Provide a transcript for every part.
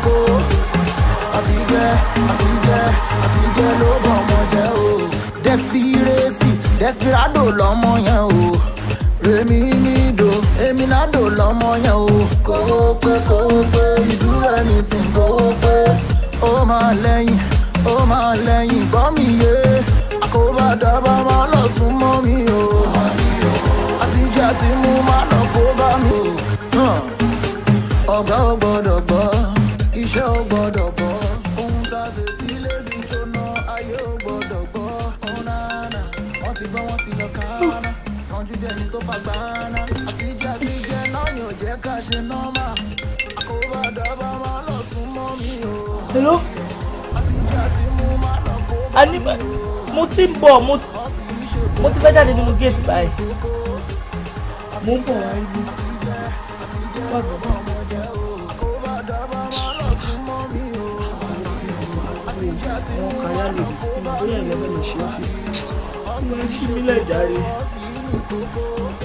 kókó àfijẹ́ àfijẹ́ àfijẹ́ ló bọ̀ ọmọ jẹ́ o. despiracy desperado lọmọ yẹn o remi nido eminado lọmọ yẹn o. kówó pé kówó pé ìdú ẹni tí ń kówó pé ó máa lẹ́yìn ó máa lẹ́yìn gbọ́ mi yé àkóbá dábàá máa lọ sún mọ́ mi o àfijẹ́ àti mú máa lọ kó bá mi o. ọ̀gá ò gbọ́dọ̀ gbọ́. fagbára àtijẹ́ àtijẹ́ náà ni ò jẹ́ ká ṣe nọ́mà àkóbá dábà máa lọ sún mọ́ mi o. hello. àtijẹ́ àti mú máa lọ kó bá mi o. mo ti ń bọ̀ mo ti mo ti fẹ́ jáde nínú géètì báyìí mo ń bọ̀ wá rí mi gbàgbọ́ bá mi. àwọn kan yá lè sí mi bóyá ìlẹ́mẹ̀lẹ̀ ṣe ọ́fíìsì wọ́n ń ṣí mi lẹ́jàre.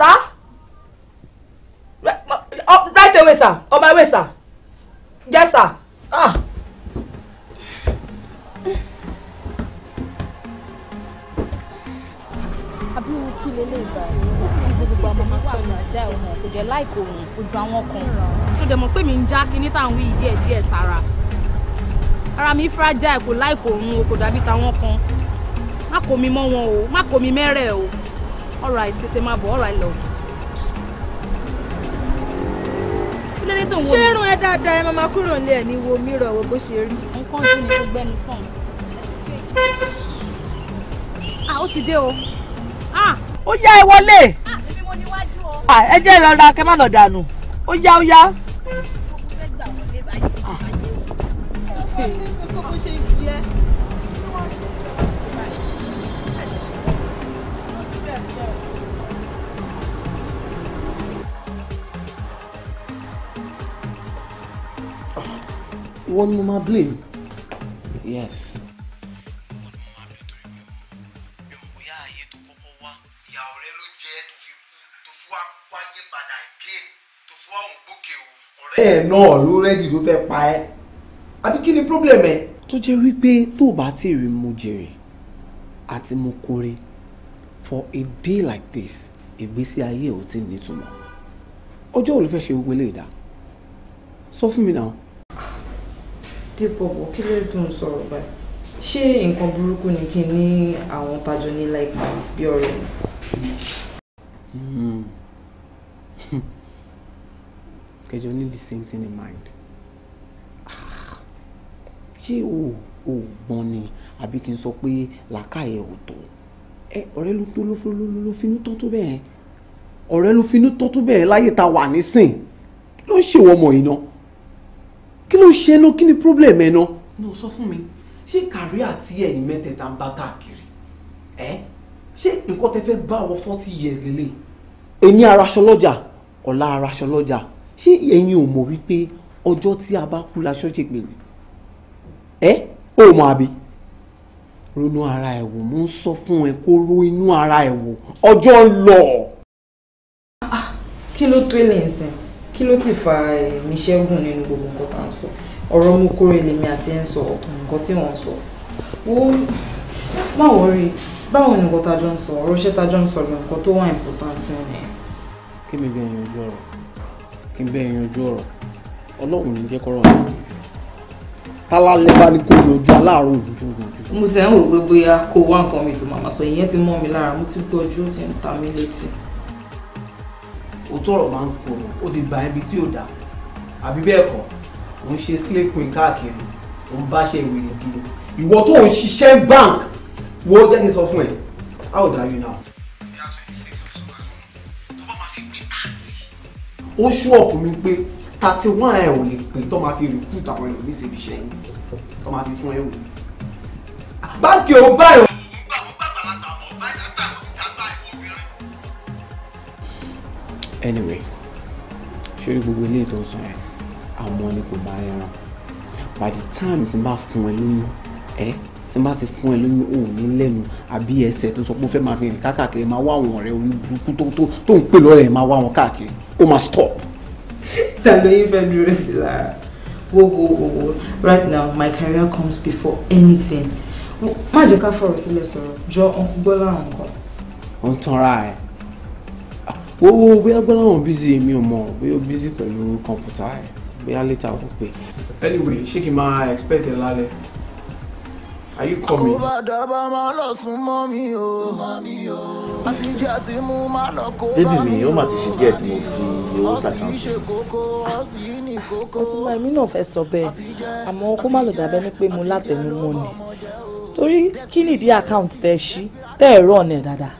sir right away sir on my way sir yes sir ah. Abi kí lélẹ̀ ìgbà gbogbo àwọn ọmọ wà ní ajá ọmọ kò dé láìkò òun kan tó dẹ̀ mọ̀ pé mi ń já kinní táwọn wí díẹ̀ díẹ̀ sára ara mi fragile kò láìkò òun o kò dàbí táwọn kan má kò mi mọ́ wọn o má kò mi mẹ́rẹ̀ o. alright right tètè máa bọ̀ all right ṣé irun ẹ dáadáa ẹ máa kúrò nílé ní wo mírọ̀ wo rí. ah ó ti dé o. ah ó yá ẹ ah èmi mo níwájú ah, ẹ jẹ́ ìrora kẹ́ dànù ni mo blame yes. ẹ náà ló rẹ́dì ló fẹ́ pa ẹ́ àbí kí ni problem ẹ. tó jẹ́ wípé tó o bá tí ì rí mo jèrè àti mo kórè for a day like this ìgbésí ayé ò tí ì nítumọ̀ ọjọ́ wo ló fẹ́ ṣe gbogbo eléyìí dá sọ fún mi náà dípò bò kí ló dùn sọ̀rọ̀ báyìí ṣé nǹkan burúkú ni kí n ní àwọn tajọ ní like minds bí ọ̀rẹ́ mi. Hmm. kẹjọ ní the same thing in mind ṣé o ò gbọ́n ni àbí kí n sọ pé làákàyè ò tó ọ̀rẹ́ ló finú tán tó bẹ́ẹ̀ ọ̀rẹ́ ló finú tán tó bẹ́ẹ̀ láyé tá wà nísìn ló ń ṣèwọ́ ọmọ yìí náà kí ló ń ṣe ná kí ni problem ẹ ná. ní o sọ fún mi ṣé kàrí àti ẹ̀yin mẹ́tẹ̀ẹ̀ta ń bá káàkiri ẹ ṣé nǹkan tẹ fẹ́ bá wọ forty years lélẹ̀. ẹni araṣọ lọ́jà ọ̀la araṣọ lọ́jà ṣé ẹ̀yin ò mọ̀ wípé ọjọ́ tí a bá kú la ṣọ́ọ̀ṣì pèlè ẹ ò mọ̀ àbí ronú ara ẹ̀ wò mo ń sọ fún ẹ kó ro inú ara ẹ̀ wò ọjọ́ ń lọ. Ah, kí ló tó ilé ẹ̀sìn kí ló ti fa eh, ẹ̀mí nínú gbogbo nǹkan tá à ń sọ ọ̀rọ̀ mú kórè lèmi àti ẹ̀ ń sọ ọ̀tọ̀ nǹkan tí wọ́n ń sọ wo má wọrí báwo ni nǹkan tá a jọ ń sọ ọ̀rọ̀ iṣẹ́ tá a jọ ń sọ nǹkan tó wà important ni. kí mi bẹ yanjú ọ̀rọ̀ kí n bẹ yanjú ọ̀rọ̀ ọlọ́run ní jẹ́ kọ́rọ̀ mi tálálẹ́ bá ní kó yọjú aláàárọ̀ òjòjú òjòjú. mo ti ẹ̀ ń wò pé bóyá kó wá nǹkan mi tó màmá sọ ìyẹn ti mọ́ mi òótọ́ ọ̀rọ̀ máa ń korò ó ti gbà ẹbí tí ò dá àbí bẹ́ẹ̀ kọ́ òun ṣe slay queen káàkiri òun bá ṣe ìwé ìdí ìwọ tó ń ṣiṣẹ́ bank wo jẹ́ ní sọ fún ẹ how old are you now. ó ṣú ọ̀pọ̀ mi pé thirty one ẹ̀ ò lè pè tó máa fi recruit àwọn ẹ̀rọ mi síbi iṣẹ́ yìí tó máa fi fún ẹ̀rọ mi. báńkì ò bá ẹ̀rọ. anyway ṣé orí gbogbo ilé ìtọ́sán ẹ̀ àmọ́ ni kò bá ẹran by the time tí n bá fún ẹ lóyún ẹ tí n bá ti fún ẹ lóyún òun ní lẹ́nu àbí ẹsẹ̀ tó sọ pé ó fẹ́ máa fi rìn káàkiri máa wá àwọn ọ̀rẹ́ orí burúkú tó tó tó ń pè lọ́rẹ̀ ẹ̀ máa wá wọn káàkiri ó máa stop. tàbí yín fẹ́ dúró sí lára wo wo wo wo right now my career comes before anything má jẹ́ ká fọ̀rọ̀ sílẹ̀ sọ̀rọ̀ jọ ọkùnrin gbọ́lá nǹkan. ó ń tanra ẹ̀ wo wo bóyá gbọ́dọ̀ wọn bízí èmi ò mọ̀ bóyá ó bízí pẹ̀lú kọ̀ǹpútà ẹ̀ bóyá later ó pè. anyway ṣé kí n máa expect ẹ lálẹ́ are you coming. àkóbàdà bá máa lọ sún mọ́ mi o àti jẹ́ àti mú má lọ kó bá mi o. débì mi ó mà ti ṣe díẹ̀ tí mo fi owó ṣàtúnṣe. ọtúnba èmi náà fẹ́ sọ bẹ́ẹ̀ àmọ́ kó má lọ dàbẹ́ ní pé mo látẹnumọ́ ni torí kí nìdí àkáǹtì tẹ́ ṣí tẹ́ ẹ̀rọ ọ̀nà ẹ̀ dáadáa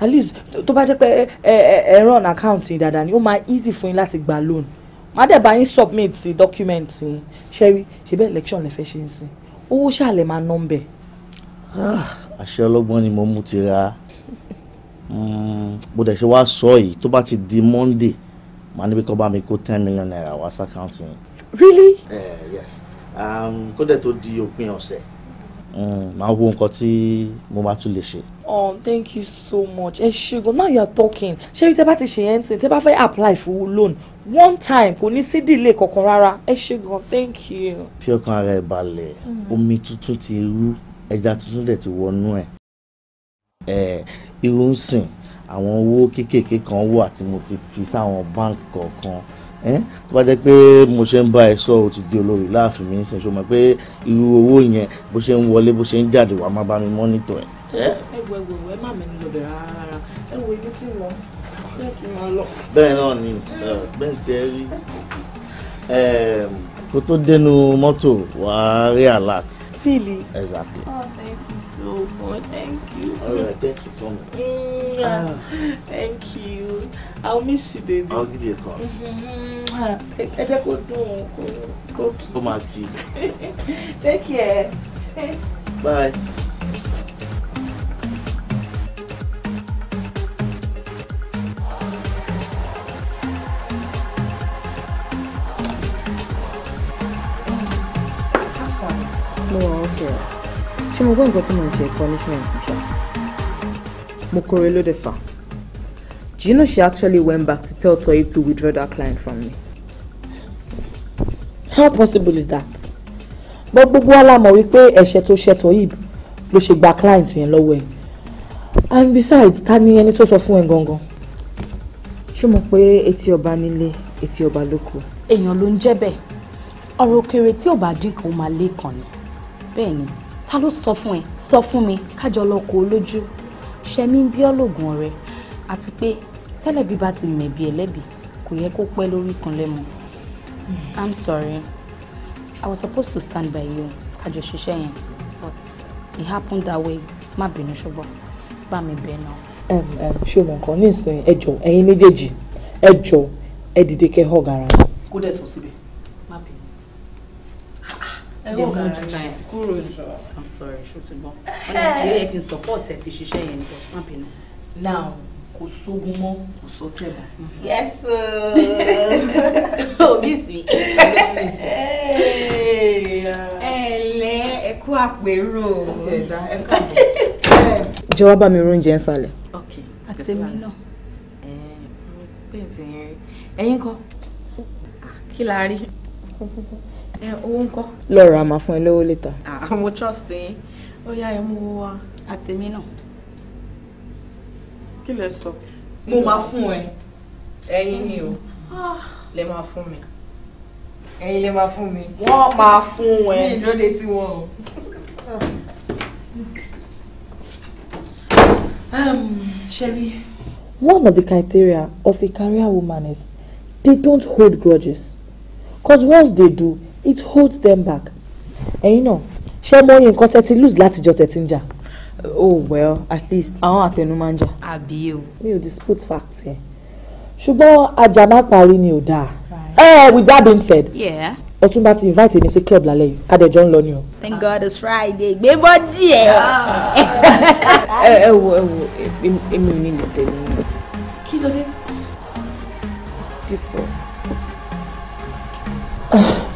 at least tó bá jẹ́ pé ẹ run account yìí dáadáa ni ó máa easy fún yín láti gba loan má dẹ̀ bá yín submit document yín ṣẹ́rí ṣe bẹ́ẹ̀ election lè fẹ́ ṣe ń sìn owó ṣàlẹ̀ máa ná ń bẹ̀. Ah, àṣẹ ọlọ́gbọ́n ni mo mú ti ra bó hmm, dẹ̀ ṣe wá sọ yìí tó bá ti di Monday màá níbi kọ́ bá mi kó ten million naira wá sí account yín. really. Uh, yes um, kó dẹ̀ tó di òpin ọ̀sẹ̀ hmm, màá wo nǹkan tí mo bá tún lè ṣe. Oh, thank you so much ẹ ṣé gan now you are talking ṣé rí tẹ́ ti ṣe yẹn sìn tẹ́ fẹ́ apply for loan one time kò ní sí delay kankan rárá ẹ ṣé gan thank you. fi ọkàn ara ẹ balẹ̀ mm-hmm. omi tuntun ti rú ẹja tuntun dẹ̀ ti wọnú ẹ̀ irú ń sìn àwọn owó kéékèèké kan wà tí mo ti fi sáwọn báńkì kọ̀ọ̀kan tó bá jẹ́ pé mo ṣe ń bá ẹ sọ ò ti di olórí láàfin mi ń sìn ṣọmọ pé irú owó yẹn bó ṣe ń wọlé bó ṣe ń jáde wàá má bá mi mọ́nítọ̀ ẹ̀ ẹ wo ẹ wo ẹ má mẹ́ni lọ bẹ́ẹ̀ náà ni bẹ́ẹ̀ tí ẹ rí kó tó dénú mọ́tò wàá rí alert. Really? Exactly. Oh, thank you so much. Thank you. thank you for me. Mm, ah, ah. Thank you. I'll miss you, baby. I'll give you a call. Mm-hmm. Ah, ẹ jẹ́ kó dùn kó kí. Kó máa kí. Take care. Bye. No, okay. ọ̀kẹ́ ọ̀ ṣé mo gbọ́ nǹkan tí mo ń ṣe punishment ṣá mo kórè ló dé fà do you know she actually went back to tell Toyi to withdraw that client from me. how possible is that bọ́ gbogbo wa la mọ̀ wípé ẹ̀ṣẹ̀ tó ṣẹ̀ Toyi ló ṣe gba client yẹn lọ́wọ́ ẹ̀ and besides ta ni ẹni tó sọ fún ẹ gangan. ṣé mo pé etí ọba nílé etí ọba lóko. èèyàn ló ń jẹ́ bẹ́ẹ̀ ọ̀rọ̀ òkèrè tí ò bá dín kò máa lé kàn ni bẹ́ẹ̀ ni ta ló sọ fún ẹ sọ fún mi kájọ lọkọ olójú ṣẹmí ń bí ọlọ́gùn ọ̀rẹ́ àti pé tẹ́lẹ̀ bí bá ti mẹ̀bi ẹlẹ́bi kò yẹ kó pẹ́ lórí kan lẹ́mu i'm sorry i was supposed to stand by you kájọ ṣiṣẹ́ yẹn but it happened that way má bínú ṣùgbọ́n bá mi bẹ́ẹ̀ náà. ṣé o mọ̀ nǹkan nísìnyí ẹ jọ̀ọ́ ẹ̀yin méjèèjì ẹ jọ̀ọ́ ẹ dìde kẹ́ hug ara. kó dẹ̀ tó síbẹ̀ dẹ̀mọ́ ju náà kúrò i'm sorry ṣùgbọ́n honestly ó yẹ kí n support ẹ fi ṣiṣẹ́ yẹn nípa má bínú. now kò sógun mọ́ kò sọ́tẹ̀ mọ́. yes o miss me. ẹ lẹ ẹ kú àpérò. jọ̀wọ́ bá mi róúnjẹ ń sálẹ̀. àtẹ̀mí náà. ẹ̀yin kọ́ kí la rí ẹ owó ńkọ́. lọ́ọ̀rọ̀ a máa fún ẹ lówó létà. mo trust yín ó yá ẹ mú owó wá. àtẹ̀mí náà. kí lẹ sọ. mo máa fún ẹ ẹ̀yin ni o ah. lẹ máa fún mi ẹ̀yin lẹ máa fún mi wọ́n máa fún ẹ. mi ìdóde tí wọ́n o. Um, ehm, Sherry. One of the criteria of a career woman is they don't hold grudges. Because once they do, it holds them back ẹ̀yin náà ṣé mo yín nǹkan tẹ́tí lose látijọ́ tẹ́tí ń jà. oh well at least àwọn àtẹnu máa ń jà. àbí o. mi ò dispute fact yẹn ṣùgbọ́n ajá má parí ni ò dáa. ẹ eh, with that being said. Yeah ọtúnba ti invite mi sí club lálẹ́ yìí adẹjọ́ ń lọ ni o. thank god it's friday gbé bọ́ díẹ̀. ẹ wo ẹ eh, wo eh, èmi ò ní lè tẹ̀lé yín. kí ló dé. dípò.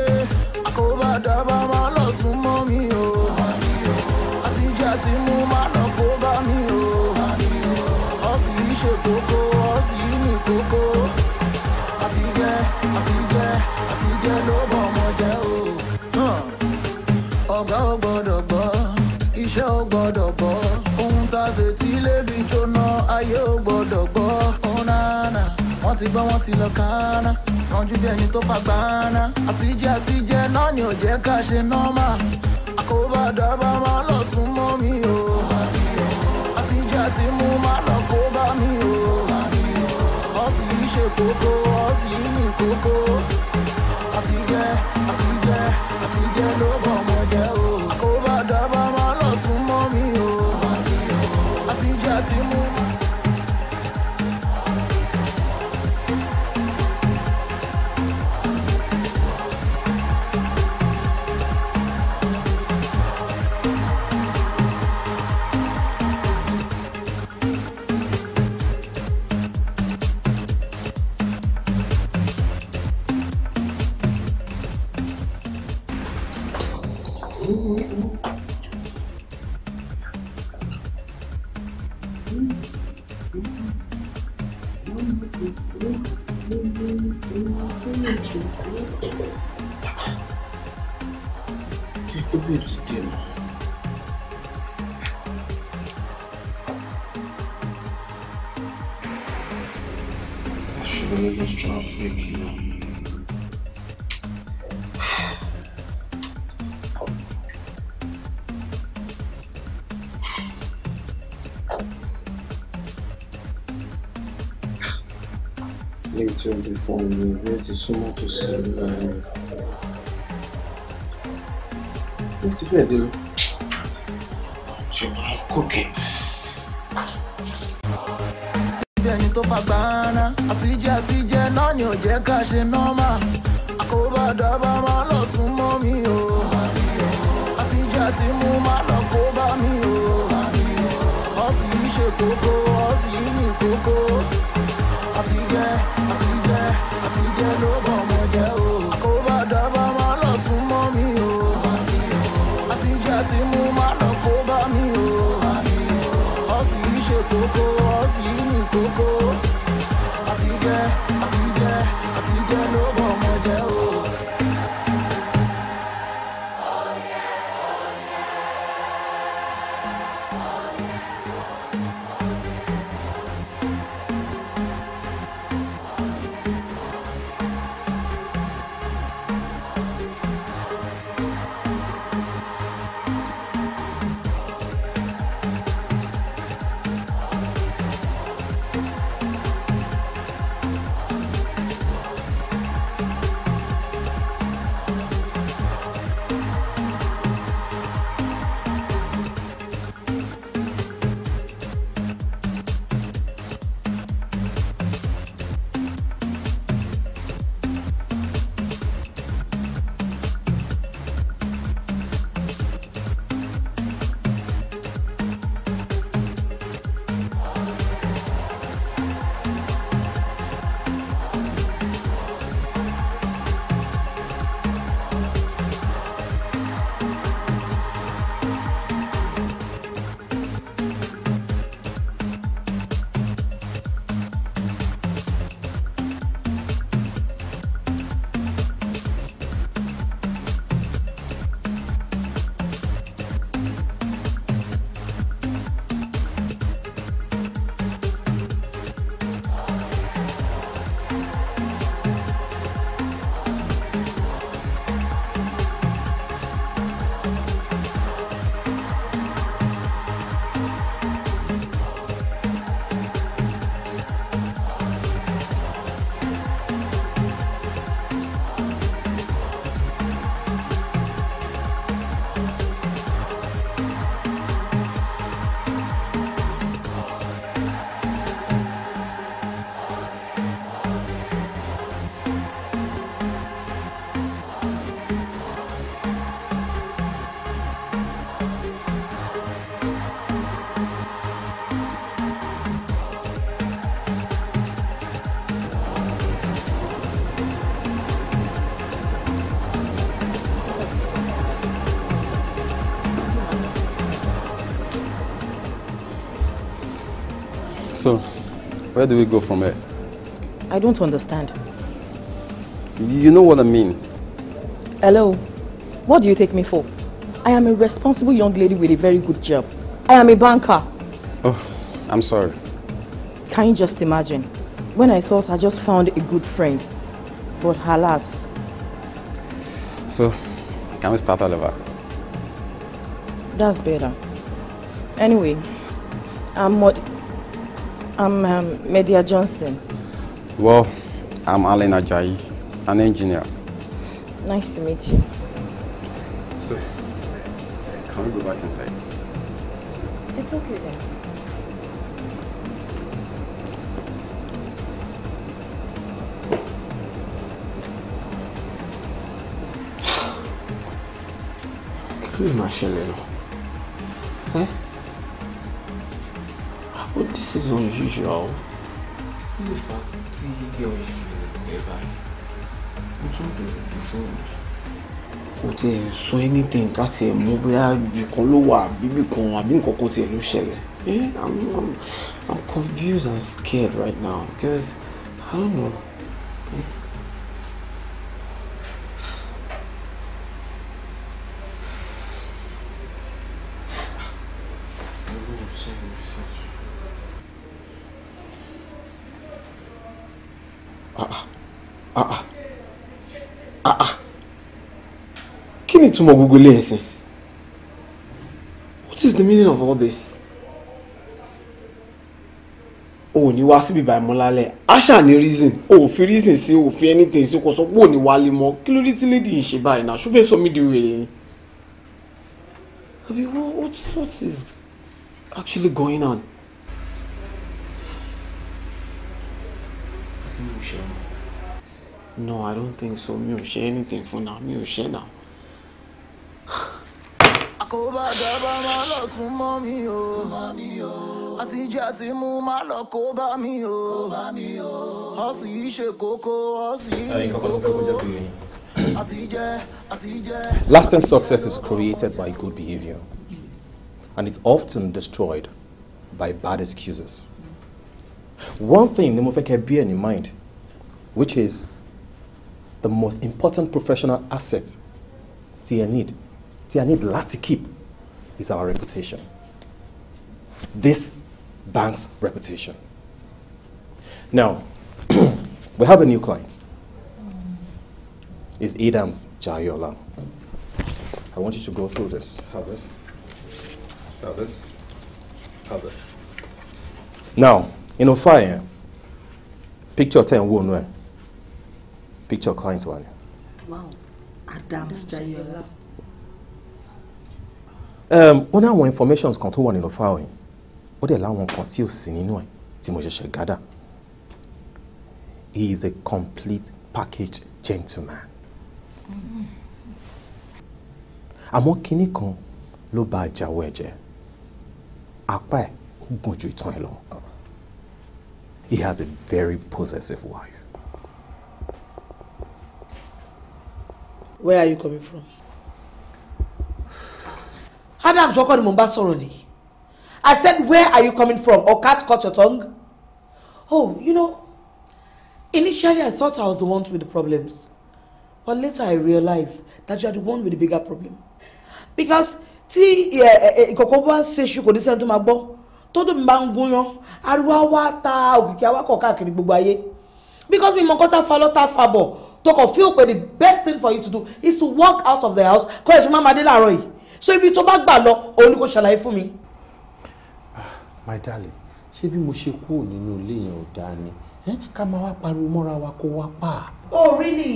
gbọ́ wọ́n ti lọ kánná rànjú bí ẹni tó fa gbaná àtijẹ́ àtijẹ́ náà ni ò jẹ́ ká ṣe nọ́mà àkóbá dábà máa lọ sún mọ́ mi o àtijẹ́ àti mú máa lọ kó bá mi o ọ̀sìn yìí ṣe kókó ọ̀sìn yìí ní kókó. òòrùn ìwé ti súnmọ́ tó sí ìlú ayé ó ti bẹ́ẹ̀ dé lọ. ṣùgbọ́n mo kókè. ibi ẹni tó bá gbà àtijẹ́ àtijẹ́ náà ni ò jẹ́ ká ṣe nọ́mà àkóbá dábàá máa lọ sún mọ́ mi o àtijẹ́ àti mú máa lọ kó mi o ọ̀sìn yìí kókó ọ̀sìn yìí kókó. Where do we go from here? I don't understand. You know what I mean. Hello. What do you take me for? I am a responsible young lady with a very good job. I am a banker. Oh, I'm sorry. Can you just imagine? When I thought I just found a good friend. But alas. So, can we start all over? That's better. Anyway, I'm what I'm um, Media Johnson. Well, I'm Alan Ajayi, an engineer. Nice to meet you. So, can we go back inside? It's okay then. Kí ló This is unusual. The fact that you never you don't do before. anything ká tiẹ̀ mú bóyá ibìkan ló wà bíbìkan àbí nǹkan kó tiẹ̀ ló ṣẹlẹ̀. Eh, I'm I'm I'm confused and scared right now because I don't know. Eh? I don't know. Ah ah ah ah! kí ni ìtumọ̀ gbogbo ilé ẹ̀sìn what is the meaning of all this o ò ní wá síbi ìbàyìí mọ́ lálẹ́ àṣà ní reason o ò fi reason sí o ò fi anything sí kò sọ pé ò ní wálé mọ́ kí ló dé tí lady yìí ṣe báyìí náà ṣó sọ mí di wèrè ni àbí what what is actually going on. No, I don't think so. Me, ò share anything for now. Me, ò share now. Àkóbá dábàá àti mú máa lọ kó bá mi o. Ọ̀sì yìí ṣe kókó, ọ̀sì yìí ṣe kókó. Lasting success is created by good behavior, and it's often destroyed by bad excuses. One thing ni mo fẹ́ kẹ́ bear in mind, which is the most important professional asset tí ẹ need tí ẹ need to keep is our reputation this bank's reputation now we have a new client it's Adams Jayola I want you to go through this have this have this have this now in fire, picture ten one one. picture client wa wow Adam Jayola. wọ́n um, ní àwọn informations kan tó wà nínú fáwọn yìí ó dẹ̀ láwọn kan tí ò sí nínú ẹ̀ tí he is a complete package gentleman. I'm kinní kan ló bá àjàwọ̀ ẹ̀jẹ̀ apá ẹ̀ ó gùn ju ìtàn He has a very possessive wife. where are you coming from? Adams ọkọ ni mo ń bá sọ̀rọ̀ ni I said where are you coming from or cat cut your tongue? Oh, you know, initially I thought I was the one with the problems but later I realized that you are the one with the bigger problem because tí ìkọ̀kọ̀ bá ń ṣe ṣu kò ní sẹ́ni tó máa gbọ́ tó dùn bá ń gúnyán ariwo á wá ta òkìkí awakọ̀ káàkiri gbogbo ayé because mi mọ kọ́ta fa lọ́ta fa bọ̀ To kàn feel pé the best thing for you to do is to walk out of the house kọ́ ẹ̀sùn máa máa dé láàárọ̀ yìí so ibi tó bá gbà lọ òun ni kò ṣàlàyé fún mi. Ah, my darling ṣé bí mo ṣe kúrò nínú ilé yẹn ò dáa ni ká máa wá pariwo mọ́ra wa kó wá pa. oh really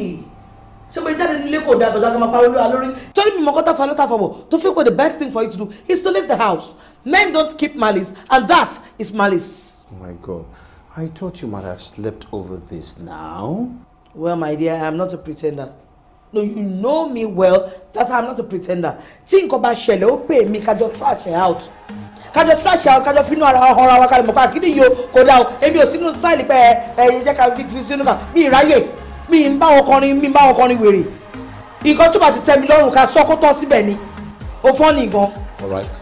ṣé pé jáde nílé kò dáa tọ́jà kí n máa pariwo lóra lórí. torí mi mọ̀kọ́ta fa lọ́tà fọ̀bọ̀ tó feel pé the best thing for you to do is to leave the house men don't keep malice and that is malice. oh my god i thought you might have slept over this now well my dear i'm not a pretender no you know me well that i'm not a pretender tí nǹkan bá ṣẹlẹ̀ ó pè mí kájọ trash out kájọ trash out kájọ fínú ara ọhún ara wa kalẹ̀ mọ̀ pé àkíní yìí o kò dáa o èmi ò sínú sáìlì pé ẹ ẹ jẹ́ ká fi sínú kà mí ìráyè mi ń bá wọn kọrin mi ń bá wọn kọrin wèrè nǹkan tó bá ti tẹ́ mi lọ́rùn ká sọ kó tọ́ síbẹ̀ ni ó fọ́ ni gan. all right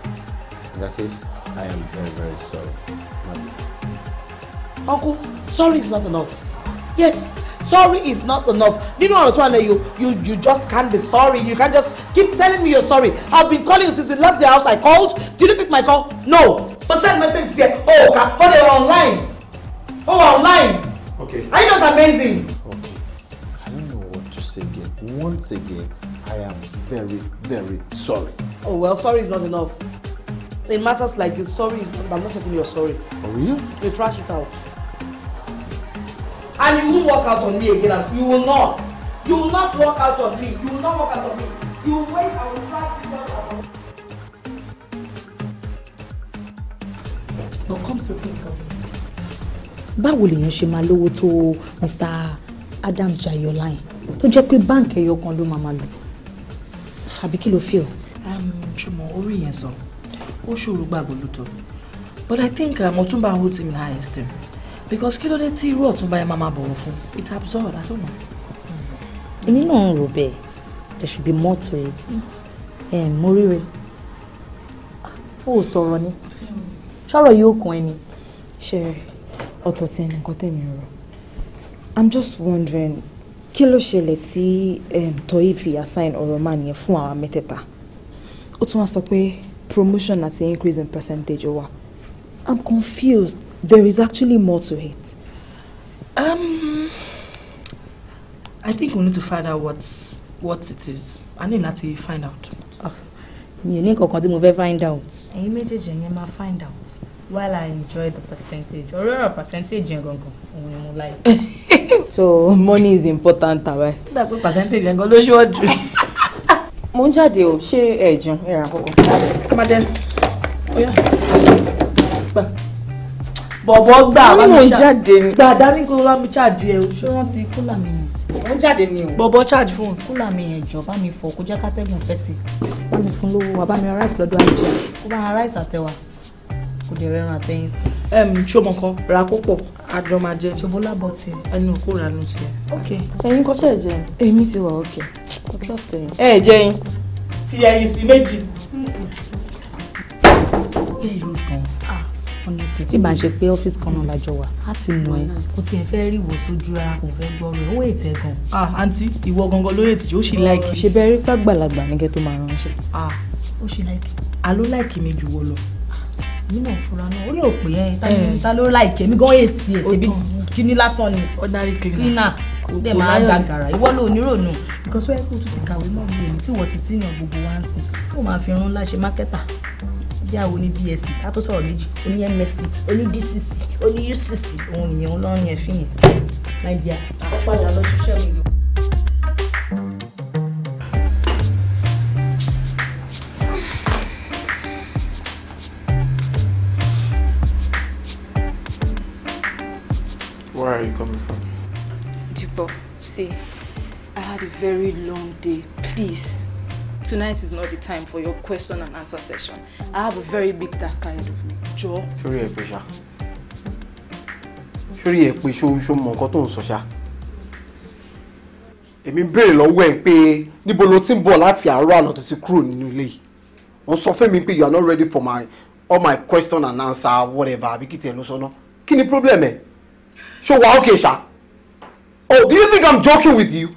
in that case i am very very sorry. uncle sorry is not enough yes sorry is not enough nínú ọ̀rọ̀ tí wọ́n lè you you you just can't be sorry you can't just keep telling me you're sorry I've been calling you since you left the house I called did you pick my call no but send message here oh ka oh they were online oh online okay are you not amazing. okay I don't know what to say again once again I am very very sorry. oh well sorry is not enough in matters like this sorry is not I'm not taking your sorry. Oh really? We trash it out and you won't walk out on me again as you will not you will not walk out on me you will not walk out on me you will wait and will try to figure out. but come to think of it báwo lèèyàn ṣe máa lówó tó Mr. Adams Jayola yẹn tó jẹ́ pé báǹkì ẹyọ kan ló máa máa lò àbí kí ló fi ọ. Um, ṣùgbọ́n orí yẹn sọ ó ṣòro gbàgbọ́ lóòótọ́ but I think um, mo tún bá hold him high esteem because kí ló dé tí irú ọ̀túnba yẹn máa máa bọ̀wọ̀ fún it's absorbed. I don't know. Mm. èmi náà ń rò bẹ́ẹ̀ there should be more to it mo ríre ó sọ̀rọ̀ ni sọ̀rọ̀ yóò kàn ẹ́ ni ṣe ọ̀tọ̀ tí ẹnì kan tẹ̀mí rọ i'm just wondering kí ló ṣẹlẹ̀ tí toyib fi assign ọ̀rọ̀ máa nìyẹn fún àwa mẹ́tẹ̀ẹ̀ta ó tún wá sọ pé promotion àti increase in percentage ó wà i'm confused There is actually more to it. Um, I think we need to find out what's, what it is. I need to find out. You need to nǹkan kan find out. Ẹ̀yin méjèèjì yẹn máa find out while I enjoy the percentage. Orí ọ̀rọ̀ percentage yẹn like. So money is important tàbá ẹ̀. Ó dà pé percentage yẹn gan ló ṣọ́ọ̀dù. she ń jáde o, ṣé ẹ jẹun? Ẹ rà kọ́kọ́. Madam, ó yá, gbà bọ̀bọ̀ gbà bá mi ṣáàjì gbà dání kó bá mi ṣáàjì ẹ̀ o. ṣé wọ́n ti kúlà mi yẹn. wọ́n jáde ni o. bọ̀bọ̀ ṣáàjì fún un. kúlà mi yẹn jọ bá mi fọ kó jẹ́ kátẹ́gùn fẹ́ sí i. bá mi fún lówó wa bá mi ra ráìsì lọ́dọ̀ àjẹ́ kó bá ra ráìsì àtẹwà kò dé rẹ́rùn àtẹ́yìn sí. ẹm tí o mọ kan ra púpọ̀ àjọ máa jẹ. ṣòbó lábọ̀ tiẹ̀. ẹnu kò ra ló ok ẹyin kọ́ ṣẹ̀ jẹun. èmi ti wà ok ẹyin. ẹ honestly tí màá ṣe pé ọ́fíìsì kan náà lájọ wà á ti nù ẹ́. kò tiẹ̀ fẹ́ rí ìwò sójú ara kò fẹ́ gbọ́ rẹ̀ ó wẹ̀ tẹ̀ gan. ah àǹtí ìwọ gangan ló yẹ tìjú ó sì láìkì. ṣe bẹ́ẹ̀ rí pé àgbàlagbà nìkẹ́ tó máa ránṣẹ́. ah ó sì láìkì. àló láìkì mi jù wọ lọ. mi náà fura náà orí òpè ẹ ta eh. ló láìkì èmi gan ètì ẹ̀ ṣèbí kíní lásán ni cleaner dẹ̀ máa gàgàrà ìwọ ló onírònú because wẹ́ẹ́kù tún ti kàwé mọ́ mi èmi tí wọ́n ti sínú gbogbo wa ń sìn kó máa fi rán yàwó ní bsc ká tó méjì oní msc oní dcc oní ucc òun nìyẹn òun lọ́rùn yẹn fìyẹn my dear. ó padà lọ mi lò. Where are you coming from? Dipo, see, I had a very long day. Please tonight is not the time for your question and answer session. I have a very big task ahead of me. Joe, Sori ẹ pe ṣá. Sori ẹ pe ṣó ṣó mọ nǹkan tó ń sọ ṣá. Èmi béèrè lọ́wọ́ ẹ̀ pé níbo ló ti ń bọ̀ láti àárọ̀ àná tó ti kúrò nínú ilé yìí. Wọ́n sọ fún mi pé you are not ready for my all my question and answer whatever àbí kìtì ẹ̀ ló sọ náà. Kí ni problem ẹ̀? Ṣé wàá okay ṣá? Oh, do you think I'm joking with you?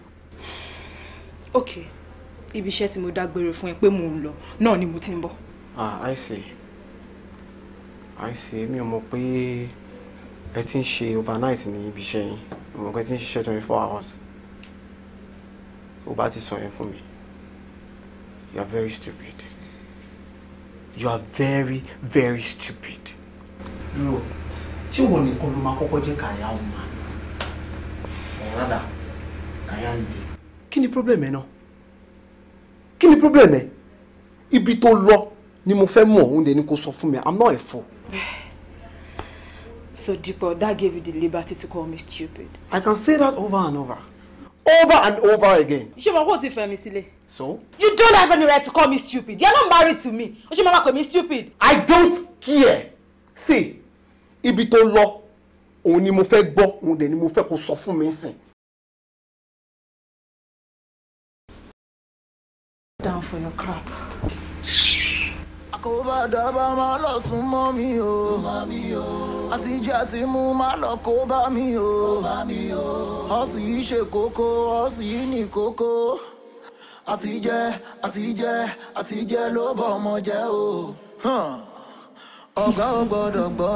Okay ibi iṣẹ́ tí mo dágbére fún ẹ pé mò ń lọ náà ni mo ti ń bọ̀. ah i see i see mi ò mọ̀ pé ẹ ti ń ṣe overnight ní ibi iṣẹ́ yín mo mọ̀ pé ẹ ti ń ṣiṣẹ́ twenty four hours o bá ti sọ yẹn fún mi you are very stupid you are very very stupid. dúró ṣé wọn nìkan ló máa kọ́kọ́ jẹ́ kàyà ọ̀ma ọ̀rádà kàyà ń jẹ. kí ni problem ẹ náà kí ni problem ẹ ibi tó lọ ni mo fẹ́ mọ̀ òun ni kò sọ fún mi i'm not a fool. So Deepo, that gave you the liberty to call me stupid. I can say that over and over. Over and over again. Ṣé o ti fẹ́ mi sílẹ̀? So? You don't have any right to call me stupid. You're not married to me. Ṣé o máa call me stupid? I don't care. See, ibi tó lọ, òun ni mo fẹ́ gbọ́, òun dẹ̀ ni mo fẹ́ kó sọ fún mi sìn. for your crap. àkóbádà máa lọ sún mọ́ mi o àti jẹ àti mu máa lọ kó bá mi o ọ̀sùn yìí ṣe kókó ọ̀sùn yìí ní kókó àti jẹ àti ló bọ̀ ọmọ jẹ́ o. Huh ọ̀gá ò gbọ́dọ̀ gbọ́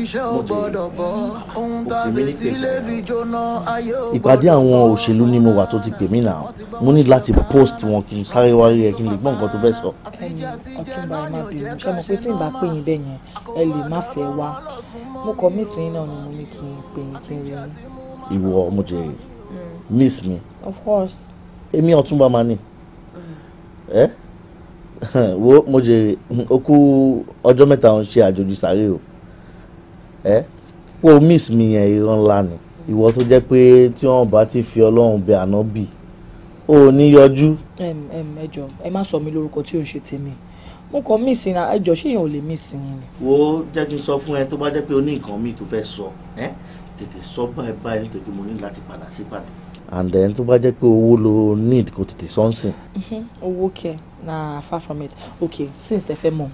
iṣẹ́ ò gbọ́dọ̀ gbọ́ ohun tá a ṣe tí lè fi jóná ayé ò gbọ́dọ̀. ìpàdé àwọn òṣèlú ni mo wà tó ti pè mí náà mo ní láti post wọn kí n sáré wáyé ẹ kí n lè gbọ́ nǹkan tó fẹ́ sọ. ọ̀túnba ẹ má bínú ṣé mo pé tí n bá pè yín bẹ́ẹ̀ yẹn ẹ lè má fẹ́ wá mo kọ míìsì yín náà ni mo ní kí n pè yín kí n rí yín. ìwọ ọmọ jẹ hmm. miss me. of course. èmi ọ̀túnba máa ní. ẹ. Eh? wo mo jèrè hmm, okú ọjọ́ mẹ́ta ń ṣe àjòjì sáré o ẹ pò miss mi yẹn irọ́ ńlá ni ìwọ tó jẹ pé tí wọn bá ti fi ọlọ́run bẹ àná bì ó ní yọjú. ẹ jọ ẹ má sọ mi lórúkọ tí o ṣe tèmi mo kàn mí ìsìn náà ẹjọ ṣé èèyàn ò lè mí ìsìn ni. wo jẹ́ kí n sọ fún ẹ tó bá jẹ pé o ní nǹkan míì tó fẹ sọ ẹ tètè sọ báyìí báyìí nítorí pé mo ní láti padà sípàdé. and then tó bá jẹ pé owó lo need kò tètè sọ́nsìn. Mhm, owó kẹ nah far from it okay since tẹ fẹ́ mọ̀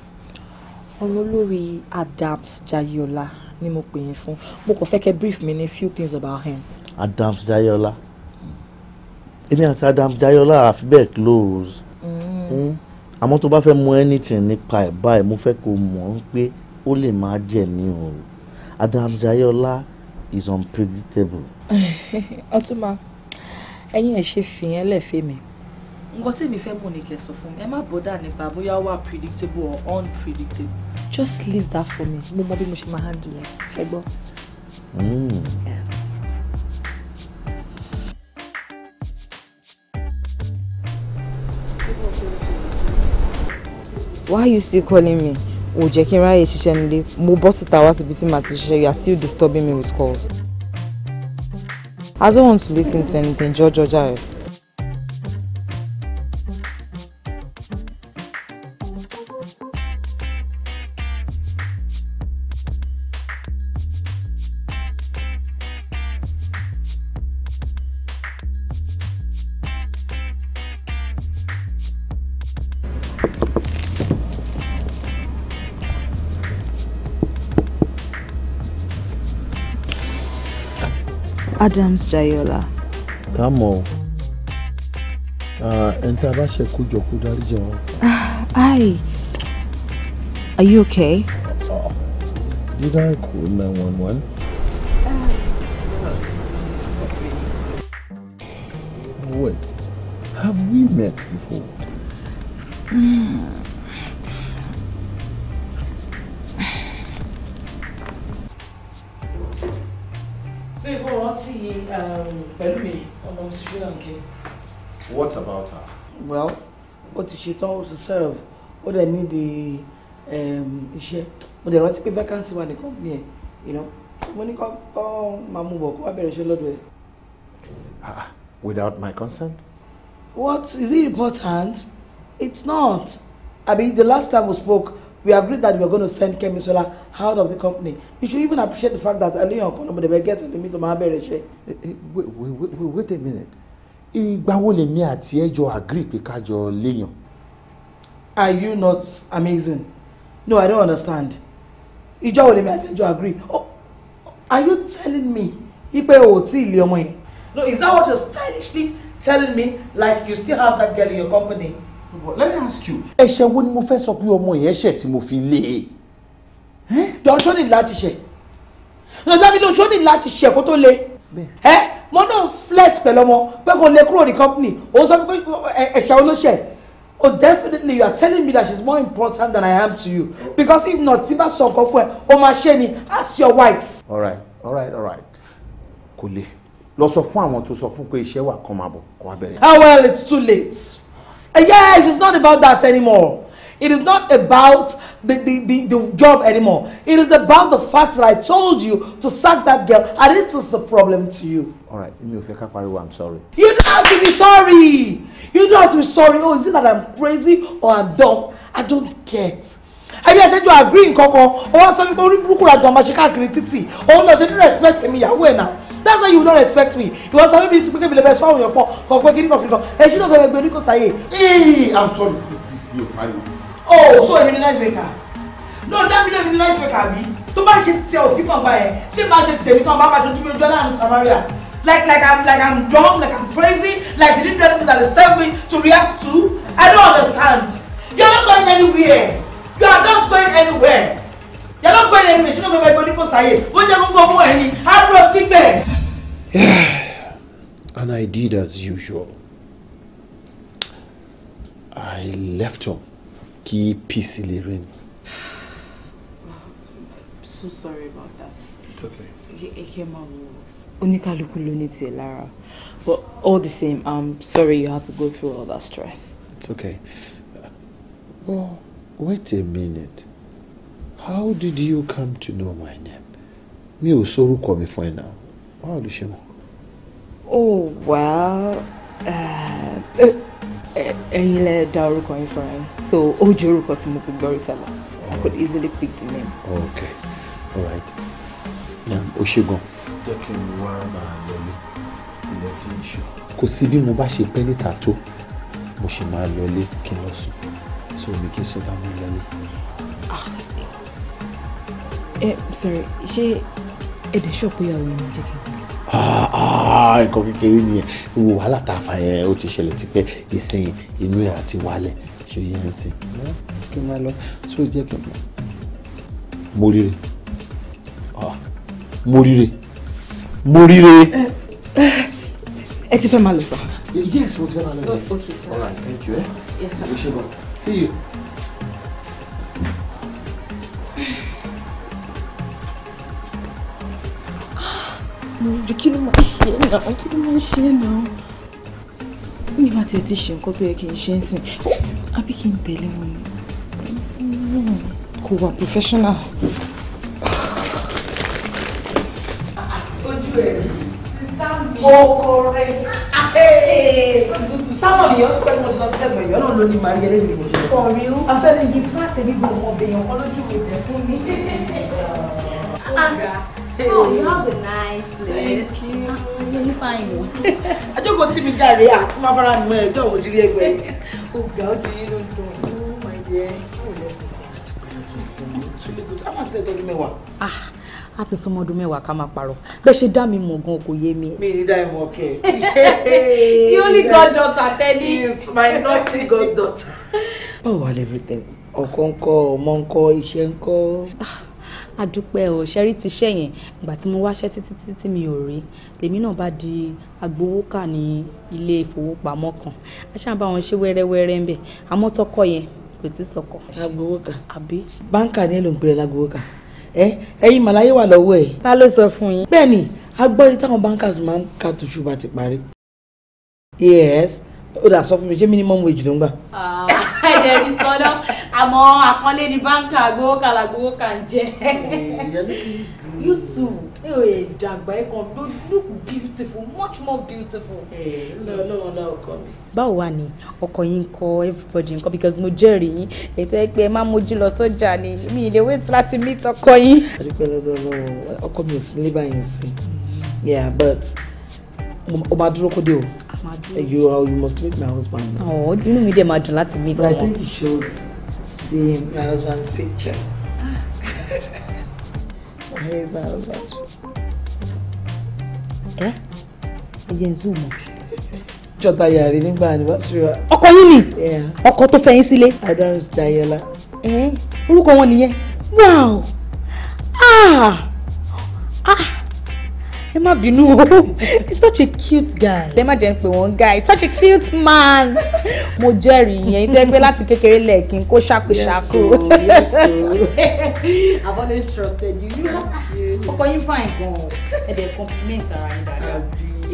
ọ̀rọ̀ olórí Adams Jayeola ni mo pè yín fún mo kàn fẹ́ kẹ́ brief mi ní few things about him. Adams Jayeola èmi àti Adams Jayeola àfi bẹ́ẹ̀ close mm. hmm? àmọ́ tó bá fẹ́ mọ anything nípa ẹ̀ báyìí mo fẹ́ kó mọ̀ ọ́n pé ó lè máa jẹ̀ ní o Adams Jayeola is unpredictable. ọtúnba ẹ̀yin ẹ ṣe fìyẹn lẹfẹ mi nǹkan tí èmi fẹ́ mọ̀ ni kẹ́ sọ fún mi ẹ má bọ́dà nípa bóyá wà predictable or unpredictable just leave that for me mo mọ bí mo ṣe máa handle ẹ ṣe gbọ́. Hmm. why you still calling me o jẹ́ kí n ráyè ṣiṣẹ́ nílé mo bọ́ síta wá síbi tí màá ti ṣiṣẹ́ you are still disturbing me with calls i don't want to listen to anything jọjọ jàre. Adams Jayola. ká mọ̀ ọ́ ẹni tá a bá ṣe kójọ kó dáríjì wọn. Ah, hi, are you okay? Did I call 911? Wait, have we met before? Hmm. pẹ̀lú mi ọmọ mi ti ṣe lànkẹ́. what about her. well ó ti ṣetán ó ti serve ó dẹ̀ ní di ehm, iṣẹ́ mo dẹ̀ rántí pé vacancy wà ní company ẹ̀ you know mo ní kọ́ máa mú bọ̀ kó wá bẹ̀rẹ̀ iṣẹ́ lọ́dọ̀ ẹ̀. Ah, ah without my consent. what is it important it's not I abi the last time we spoke we agreed that we were going to send Kemi sola out of the company. You should even appreciate the fact that Eliyan Okonomode were getting the meat of Mahabere ṣe. Eh, eh, wait, wait, wait a minute. Ìgbà wo lèmi àti agree pé ká jọ Are you not amazing? No, I don't understand. Ìjọ́ wo lèmi àti agree? Oh, are you telling me ipe o ti No, is that what you're stylishly telling me like you still have that girl in your company? let me ask you ẹ̀ṣẹ̀ wo ni mo fẹ́ sọ pé ọmọ yẹn ṣẹ̀ tí mo fi lé e. jọ sódì láti ṣe lọ́jọ́ bí ló sódì láti ṣe kó tó le ẹ mo náà flex pẹ̀lú ọmọ pé kò lè kúrò ní company ó sọ pé ẹ̀ṣẹ̀ olóṣẹ̀ oh definitely you are telling me that she is more important than I am to you oh. because if not tí bá sọ nǹkan fún ẹ o máa ṣe ni ask your wife. alright alright alright kò le lọ sọ fún àwọn tó sọ fún pé iṣẹ́ wà kàn máa bọ̀ kàn máa bẹ̀rẹ̀. ah well it's too late. And uh, yes, it's not about that anymore. It is not about the, the, the, the job anymore. It is about the fact that I told you to sack that girl and it is a problem to you. All right, Emi Ofeka Pariwo, I'm sorry. You don't have to be sorry. You don't have to be sorry. Oh, is it that I'm crazy or I'm dumb? I don't get. ẹbí ẹ̀tẹ́jọ́ agree nǹkan kan ó wá sọ wípé orí burúkú ra jọ̀ọ́ máa ṣe káàkiri títì òun náà ṣe ní respect me ìyàwó ẹ̀ that's why you don't respect me because some people speak the best one èèyàn your kọ for kíní kan kíní kan èyí ló fẹ́ẹ́ gbé ní kò sáyé. i'm sorry this this be ò parí. oh so èmi ni nice maker no dami náà èmi ni nice maker àbí tó bá ṣe tiẹ̀ òfin kan bá yẹn tí màá ṣe tiẹ̀ mi kan bá máa dojú mi ojú ọlọ́run samaria like like i'm like i'm dumb like i'm crazy like they didn't do that they serve me to react to i don't understand you are not going anywhere you are not going anywhere yàrá ń gbẹ̀rẹ̀ ìmọ̀ ìṣúná mẹ́fà ìgbọ́n ní wọ́n jẹ́ gbogbo ọmọ ẹ̀yìn á lọ síbẹ̀. And I did as usual. I left her kí peace lè reign. So sorry about that. It's okay. Eke máa wo oníkálukú ló ní tiẹ̀ lára but all the same I'm sorry you had to go through all that stress. It's okay. Well, wait a minute how did you come to know my name mi ò sórúkọ mi fún ẹ náà báwo ló ṣe mọ̀. oh well eh, eh, ẹ̀yin lẹ dá orúkọ yín fúnra yín so ó jẹ́ orúkọ tí mo ti gbọ́ rí i could easily pick the name. okay all right o ṣe gan. jẹ́ kí n wá máa lọlé ilẹ̀ tí ń ṣọ. kò sí bí mo bá ṣe pẹ́ níta tó mo ṣe máa lọlé kí n lọ sùn so mi kì í sọ tá a máa lọlé. Ah, Eh, sorry ṣé èdè ṣọ́ọ̀pù ìyàwó yẹn máa jẹ́ kí n kú. ẹ̀kọ́ ah, ah, kékeré nìyẹn gbogbo wàhálà tá a fà yẹn ó ti ṣẹlẹ̀ tipẹ́ ìsìn inú ẹ̀ àti wálẹ̀ ṣé o yẹn ń sìn. kí n máa lọ sí o jẹ́ kí n lọ. mo rire ah, mo rire mo rire. ẹ ti fẹ́ máa lọ sọ. yes mo ti fẹ́ máa lọ. okay sir. all right thank you. Eh? yes sir. see you. lórí kí ló máa ṣe é náà kí ló máa ṣe é náà mi bá tiẹ̀ ti ṣe nǹkan tó yẹ kí n ṣe ń sìn àbí kí n tẹ̀lé wọn ni kò wà professional. ojú ẹ̀ ọkọ rẹ̀ sáwọn èèyàn tó pẹ́ tí mo ti lọ sílẹ̀ mọ̀ èèyàn náà ló ní màrí ẹlẹ́yìn ìbò ṣe. for real àtẹnudí Oh, you have a nice place. Thank you. You're really fine. Àjọkọ̀ tí mi jàre à máa fara nù ẹjọ́ òun ti rí ẹgbẹ́ yìí. Ọ̀gá ó ti rí ló ń dùn. Oh my dear. Ah, a ti súnmọ́ ọdún mẹ́wàá ká máa parọ́. Bẹ́ẹ̀ ṣe dá mi mọ̀ gan kò yé mi. Mi ní dá ìmọ̀ kẹ̀. The only goddaughter tẹ́lí. My naughty goddaughter. Báwo wà lẹ́fìtẹ̀? Ọkọ ńkọ́, ọmọ ńkọ́, iṣẹ́ ńkọ́. Ah, adúpẹ́ ò ṣẹ́rí ti ṣẹ́ yẹn ìgbà tí mo wáṣẹ́ títí títí mi ò rí lèmi náà bá di agbowókà ní ilé ìfowópamọ́ kan aṣáà bá wọn ṣe wẹ́rẹ́wẹ́rẹ́ ń bẹ̀ àmọ́ tọkọ yẹn kò tí sọkọ. agbowókà àbí. báńkà ni ẹ ló ń pèrè lágbowókà ẹ ẹyin màláyé wà lọ́wọ́ ẹ. ta ló sọ fún yín. bẹ́ẹ̀ni agbọ́yé táwọn bankers máa ń ka tòṣù ti parí. yes o da sọ fún mi ṣé minimum wage ló ń gbà. Ah. ẹ̀jẹ̀ ní sọ́dọ̀ àmọ́ àpọ́nlé ni báńkà agbowókàlà agbowókà ń jẹ́ you too ẹ ò yẹ dàgbà ẹ kàn ló look beautiful much more beautiful. ẹ lọ́wọ́ lọ́wọ́ ọkọ mi. báwo wà ní ọkọ yín kọ everybody nǹkan because mo jẹ́rìí yín ètò ẹ pé ẹ má mojú lọ sọ́jà ni mi ì lè wait láti meet ọkọ yín. àdúpẹ́ lọ́wọ́ ọkọ mi ò sí ní báyìí sí yeah but ó máa dúró kó dé o máa you are you must meet my husband. ọ̀ oh, inú mi dẹ̀ máa dùn láti meet wọn. but I think you should see my husband's picture. Ah. Where is my husband. ẹ ẹ yẹn zoom o. jọta yàrá nígbà anniversary wa. ọkọ yín ni ọkọ tó fẹ́ yín sílé. adams jayola. orúkọ wọn nìyẹn wow ah ah. Emma Binu, he's such a cute guy Emma má jẹ́ ń pè guy such a cute man mo jẹ́rìí ìyẹn tẹ́ gbé láti kékeré lẹ́ẹ̀kín kó ṣàkóṣàkó. Oh, oh. I've always trusted you you ah, ọkọ yín fine gan ẹ dẹ̀ compliment ara yín dáadáa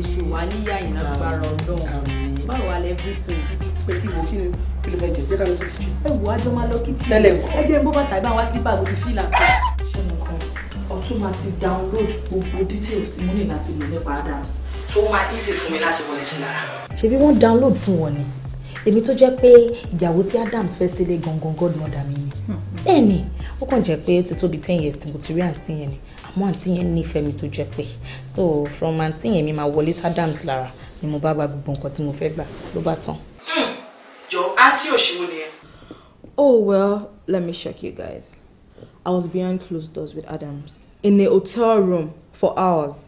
èṣù wà níyà yìí náà gbára ọdún báwo wà lẹ́ẹ̀bí pé pé kí wọ́n kí ni kí ló fẹ́ jẹ jẹ́ ká lọ sí kitchen. ẹ wo ajọ́ máa lọ kitchen ẹ jẹ́ n bó bàtà ẹ bá wá sí bàgbọ́ ti fìlà kan tún máa ti download gbogbo details mo ní láti lò nípa Adams tó máa easy fún mi láti wọlé sí lára. ṣebí wọ́n download fún wọn ni èmi tó jẹ́ pé ìyàwó tí Adams fẹ́ sílé gangan godmother mi ni bẹ́ẹ̀ ni ó kàn jẹ́ pé ti tóbi ten years mo ti rí àǹtí yẹn ni àmọ́ àǹtí yẹn nífẹ̀ẹ́ mi tó jẹ́ pé so from àǹtí yẹn mi máa wọlé sí Adams lára ni mo bá gba gbogbo nǹkan tí mo fẹ́ gbà ló bá tán. Hmm, jọ àǹtí òṣìwò ni ẹ. oh well let me shock you guys i was behind closed doors with Adams in a hotel room for hours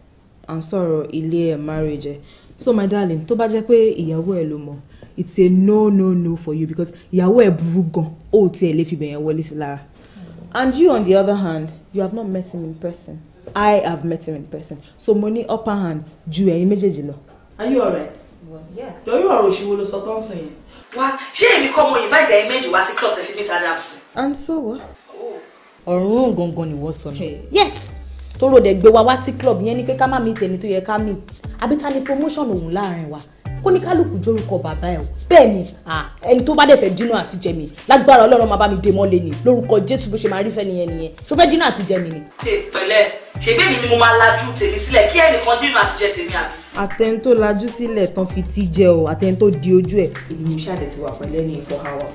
and sọ̀rọ̀ ilé ẹ̀ marriage ẹ̀ so my darling tó bá jẹ́ pé ìyàwó ẹ̀ ló mọ̀ it's a no no no for you because ìyàwó ẹ̀ burú gan ó tiẹ̀ lè fi bẹ̀yẹn wọlé sí lára and you on the other hand you have not met him in person I have met him in person so mo ní upper hand ju ẹ̀yin méjèèjì lọ. are you alright? well yes. lórí ọ̀rọ̀ òṣìwò ló sọ tó ń sìn yẹn. wá ṣé èmi kọ́ mo invite ẹ̀yin méjì wá sí club tẹ̀ fi meet Adamson. and so what ọ̀run gangan ni wọ́n sọ náà yes tóró dẹ̀ gbé wa wá sí club yẹn ni pé ká má mi tẹni tó yẹ ká mi àbí ta ni promotion òun láàrin wa kóníkálùkù jórúkọ bàbá ẹ o bẹ́ẹ̀ ni ẹni tó bá dẹ̀ fẹ́ dínà àti jẹmi lágbára Ọlọ́run máa bá mi dé mọ́lẹ̀ ni lórúkọ Jésù bó ṣe máa rí fẹniyẹn nìyẹn ṣó fẹ́ dínà àti jẹmi ni. pẹ̀lẹ́ ṣègbè mi ni mo máa lajú tèmi sílẹ̀ kí ẹnìkan dínà àti jẹ tèmi àbí. àtẹn tó lajú sílẹ̀ tán fi tí jẹ o àtẹn tó di ojú ẹ̀. èmi ò ṣàdẹ̀tì wà pẹ̀lẹ́ ní four hours.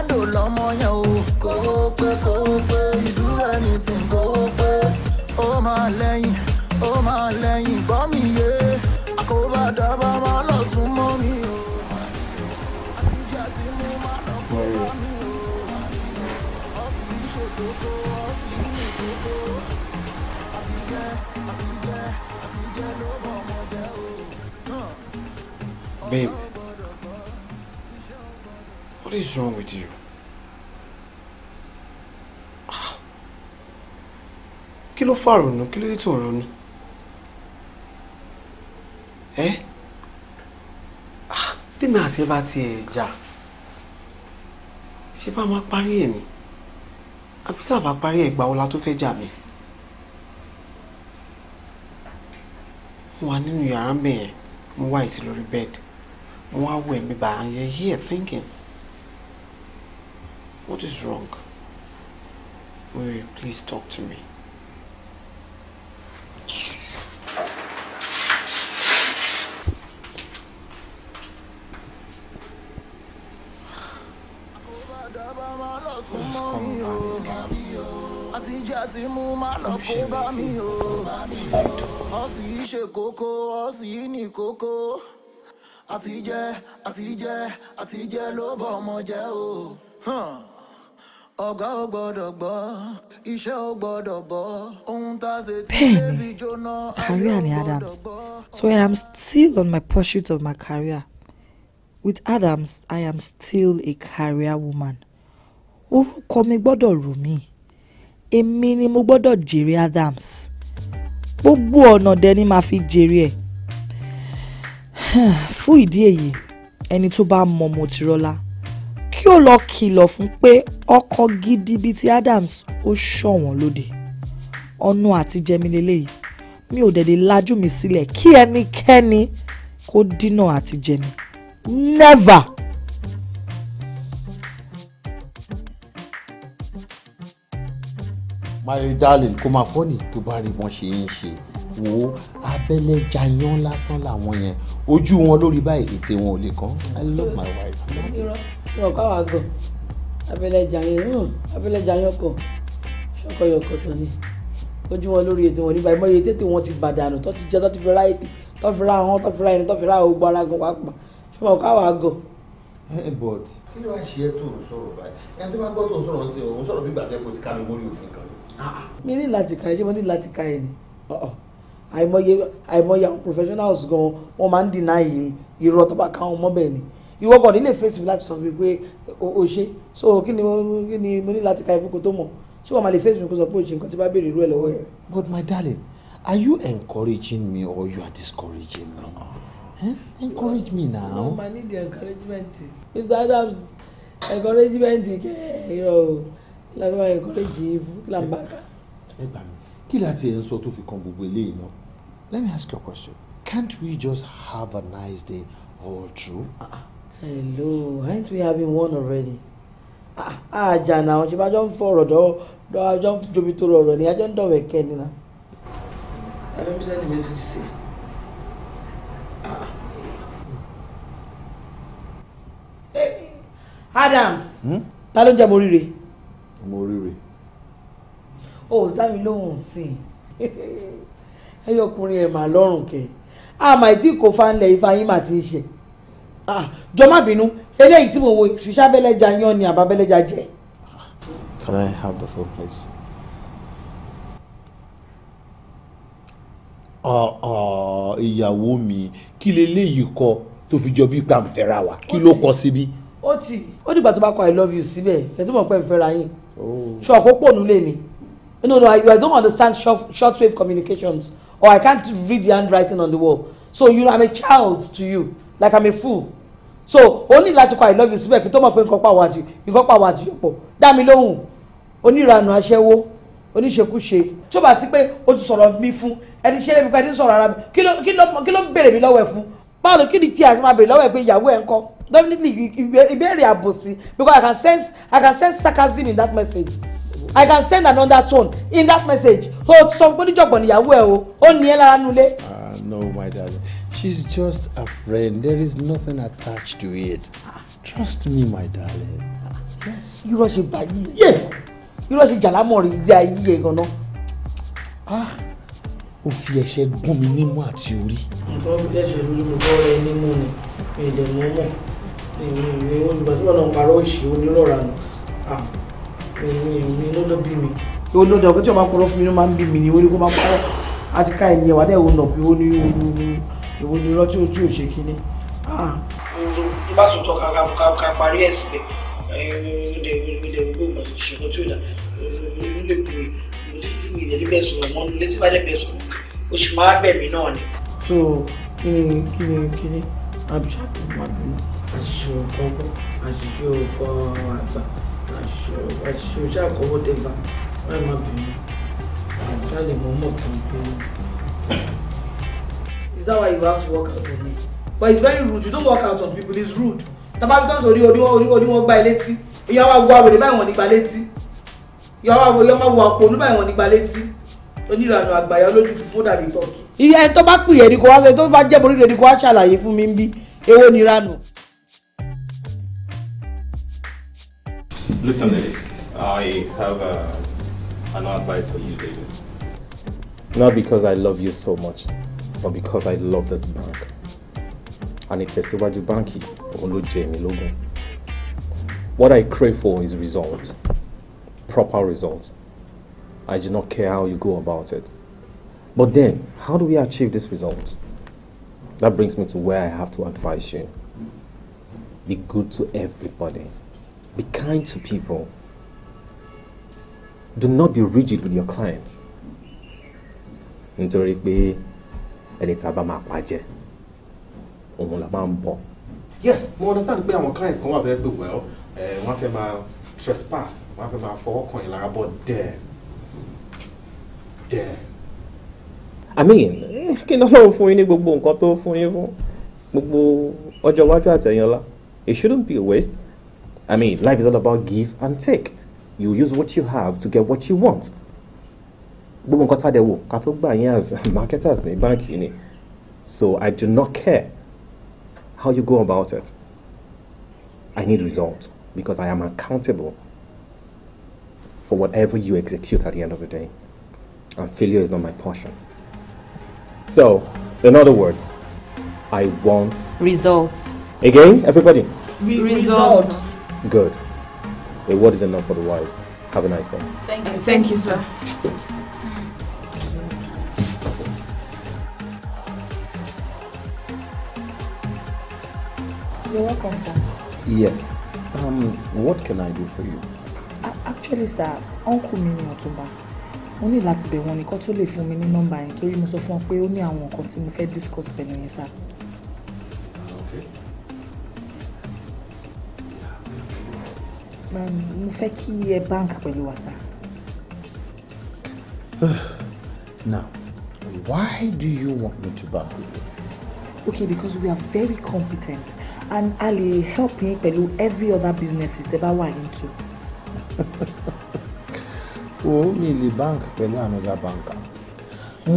ládò lọ́mọ yẹn o kò ó pé kò ó pé ìlú ẹni tí kò ó pé ó máa lẹ́yìn ó máa lẹ́yìn gbọ́ mi yé àkóbá dábà máa lọ sún mọ́ mi o àtijọ́ tí mo máa lọ kó bá mi o ọ̀sìn ìṣòkòkò ọ̀sìn ìṣòkòkò àtijọ́ àtijọ́ àtijọ́ ló bọ̀ ọmọ jẹ́ o. Babe. What is wrong with you? Kí ló fà ronú? Kí ló dé tó ronú? Ẹ́ tèmi àti ẹ bá ti ẹ̀ jà ṣé bá máa parí ni? Àbí tá a bá parí ẹ̀ gbà ọ̀la to fẹ́ jà mí? Mo wà nínú yàrá mbẹ̀yẹn, mo wà ìtì lórí bẹ́ẹ̀dì, mo wá wẹ̀ mi bàá yẹ here thinking. What is wrong? Will you please talk to me? Huh ọ̀gá ò gbọ́dọ̀ gbọ́ iṣẹ́ ò gbọ́dọ̀ bọ́ ohun tá a ṣe tí lèvi jóná ayé ò gbọ́dọ̀ gbọ́. So I am still on my pursuit of my career. With Adams, I am still a career woman. Orúkọ mi gbọ́dọ̀ rò mí. Èmi ni mo gbọ́dọ̀ jèrè Adams. Gbogbo ọ̀nà dẹ ni màá fi jèrè ẹ̀. Fún ìdí èyí, ẹni tó bá mọ Motírọ́lá kí ó lọ kìlọ̀ fún pé ọkọ gidi bíi ti Adams ó ṣọ̀wọ́n lóde ọ̀nà àtijẹmi lélẹ́yìí mi ò dẹ̀dẹ̀ lajú mi sílẹ̀ kí ẹnikẹ́ni kó dínà àtijẹmi never. my darling kò máa fọ́ọ̀nì tó bá rí wọn ṣe ń ṣe wò ó abẹ́lẹ̀ jayán lásán làwọn yẹn ojú wọn lórí báyìí ètè wọn ò lè kàn i love my wife wọn kọ́ àwọn àgọ̀ abẹ́lẹ́jà hàn abẹ́lẹ́jà yẹn hmm, kọ̀ ṣọkọ yẹn kọ̀ tó ni ojú wọn lórí ètò wọn nígbà ìmọ̀ye tètè wọn ti bàdànù tó ti jẹ tó ti fi ra ètè tó fi ra ahọ́n tó fi ra ẹni tó fi ra ogbó ara gan pàápàá ṣọmọ kọ́ àwọn àgọ̀. but kí ló wá ṣe é tó ń sọ̀rọ̀ báyìí ẹni tó bá gbọ́ tó ń sọ̀rọ̀ ń òun sọ̀rọ̀ bí gbàtẹ́ kò ti ká mi mórí òfin kan. Ah, ah. mi ní láti ka ẹ ṣé mo ní láti ka ẹ ni oh, oh. àìmọye àwọn professionals gan wọn máa ń deny irọ́ tó bá káwọn mọ́ bẹ́ẹ̀ ni ìwọ kò ní lè fèsì mi láti sọ fún mi o ṣe so kí ni kí ni mo ní láti ka ìfúnko tó mọ̀ ṣé wàá máa lè fèsì mi kó sọ pé o ṣe nǹkan tí bá béèrè irú ẹ̀ lọ́wọ́ ẹ̀. but my darling are you encouraging me or you are discouraging me eh? encourage me now. no ma need the encouragement Mr. Adams encouragement kẹ irọ́ o kí la fi máa encourage yín fún kí la ń bá a kà. ẹ gbà mí kí la ti ẹ̀ ń sọ tó fi kan gbogbo eléyìí náà let me ask you a question can't we just have a nice day all through. Uh -uh hello aren't we having one already Ah, ah náà ṣe bá jọ ń fọ̀rọ̀ dọ́ àjọ ń jomi tó rọrọ̀ ni àjọ ń dọ̀wẹ̀ kẹ́ ni náà. alábísà ni mẹ́sàn ti sè. Adams hmm? ta ló ń jẹ́ mo ríre. mo ríre. o ò dá mi lóhùn sí i ẹyọkùnrin ẹ̀ mà lọ́rùn kẹ́ àmà ìtí kò fa ń lẹ̀ ifá yín mà ti ń ṣe. Ah, jọ má bínú eléyìí tí mo wo ṣiṣẹ́ abẹ́lẹ́jà yan ni àbá jẹ. Can I have the phone, please? Ah, ah, ìyàwó mi kí leléyìí kọ tó fi jọ bí pàǹfẹ́ra wa kí ló kọ síbí. ó ti ó dìgbà tó bá kọ I love you síbẹ̀ ẹ̀ mo mọ̀ pé ń fẹ́ra yín oh. ṣọ̀pọ̀ pònú lé mi no no I, I don't understand short, short wave communications or I can't read the handwriting on the wall so you know I'm a child to you like I'm a fool so o ní láti kọ i love you síbẹ̀ kí tó mọ̀ pé nǹkan pàwọ́ àti nǹkan pàwọ́ àti yọ̀pọ̀ dá mi lóhùn oníranù aṣẹ́wó oníṣekúṣe tí ó bá sí pé o ti sọ̀rọ̀ mi fún ẹni ṣe é mi pẹ́ ti sọ̀rọ̀ ara mi kí ló kí ló ń béèrè mi lọ́wọ́ ẹ̀ fún báwo kí ni tí a máa béèrè lọ́wọ́ ẹ̀ pé ìyàwó ẹ̀ ń kọ́ definitely ìbéèrè àbòsí because I can sense I can sense sarcasm in that message I can sense another tone in that message so sọ pé oníjọ̀gbọ̀n ìyàwó ẹ̀ o ó ní ẹ lára nulẹ̀. ah no my darling She's just a friend. There is nothing attached to it. Trust me, my darling. Yes. Irọ́ ṣe báyìí. Yé! Irọ́ ṣe jàlámọ̀ rí ilé ayé ẹ̀ gan-an. Ah! Ó fi ẹ̀ṣẹ̀ gún mi nímú àti orí. Nǹkan bí ẹ̀ṣẹ̀ lórí mi bọ́ rẹ nímú ni, mi mú mọ̀. Èmi olùgbà tí wọ́n náà parọ́ òṣì onírọ̀ra nù. Èmi ah! èmi ló lọ bí mi. Ìwọ ló ọ̀gá tí wọ́n máa ń parọ́ fún mi ló máa ń bí mi ni, ìwọ ni kó máa parọ́. Àti ká ẹ̀yẹ̀ wà dẹ̀ ìwọ nà bí ó ní èwo ni irọ́ tí o tí o ṣe kíní. tó bá sọ̀tọ̀ ká parí ẹ̀ síbẹ̀ ilẹ̀ ilẹ̀ gbogbo ìṣòro tí ó dà lè pè mí ìdẹ̀lẹ́ bẹ́ẹ̀ sọ̀rọ̀ mọ́ létí bá dẹ̀ bẹ́ẹ̀ sọ̀rọ̀ o sì máa bẹ̀ mí náà ni. so kíni kíni kíni abisa tó máa bínú àṣìṣe òkòkò àṣìṣe òkò àgbà àṣìṣe òṣà àkọ́wọ́ tẹ̀ bá wọ́n máa bínú àṣìṣe àlè mọ́ mọ́ tó that's why you have to work out on me but it's very rude you don't work out on people it's rude tàbá bí tọ́sí orí orí orí wọn gba létí èyí àwọn àgbo àwèrè báyìí wọn nígbà létí èyí àwọn àgbo èyí àwọn àgbo àpò oníbàyìí wọn nígbà létí onírànà àgbàyà olójú fúnfún dàbí tọ́kì. iye ẹni tó bá pè é ni kò wá ṣe tó bá jẹ́ borí rẹ̀ ni kò wá ṣàlàyé fún mi bí èwo ni Listen, ladies, I have uh, an advice for you, ladies. Not because I love you so much, but because I love this bank and ìtẹ̀síwájú báńkì òun ló jẹ èmi lógún. What I crave for is result, proper result. I do not care how you go about it. But then, how do we achieve this result? That brings me to where I have to advise you. Be good to everybody. Be kind to people. Do not be rigid with your clients. ẹni tá a bá máa pàjẹ òun la máa ń bọ. yes mo understand pé àwọn clients kan wà fẹ́ pé well wọ́n fẹ́ máa trespass wọ́n fẹ́ máa fọwọ́ kan ìlara bọ̀ dẹ̀ dẹ̀. I mean kí ni ọlọ́run fún yín ní gbogbo nǹkan tó fún yín fún gbogbo ọjọ́ iwájú àtẹ̀yìnlá it shouldn't be a waste I mean life is all about give and take you use what you have to get what you want. gbogbo nǹkan tàdé wò ká tó gbà yín as marketers ní báǹkì ni so I do not care how you go about it I need result because I am accountable for whatever you execute at the end of the day and failure is not my portion so in other words I want results again everybody Re results good a word is enough for the wise have a nice day thank you, thank you sir You're welcome, sir. Yes. Um, what can I do for you? Actually, sir, uncle mi ni Ọ̀túnba. Mo ní láti bẹ̀ wọ́n ni kó tó lè fún mi ní nọ́mbà yẹn torí mo sọ fún wọn pé ó ní àwọn nǹkan tí mo fẹ́ discuss pẹ̀lú yẹn, sir. Um, mo fẹ́ kí ẹ bank pẹ̀lú wa, sir. Now, why do you want me to bank with you? Okay, because we are very competent and Ali lè help yín pẹ̀lú every other businesses tẹ́ bá wà into. o mi lè bank pẹ̀lú another banker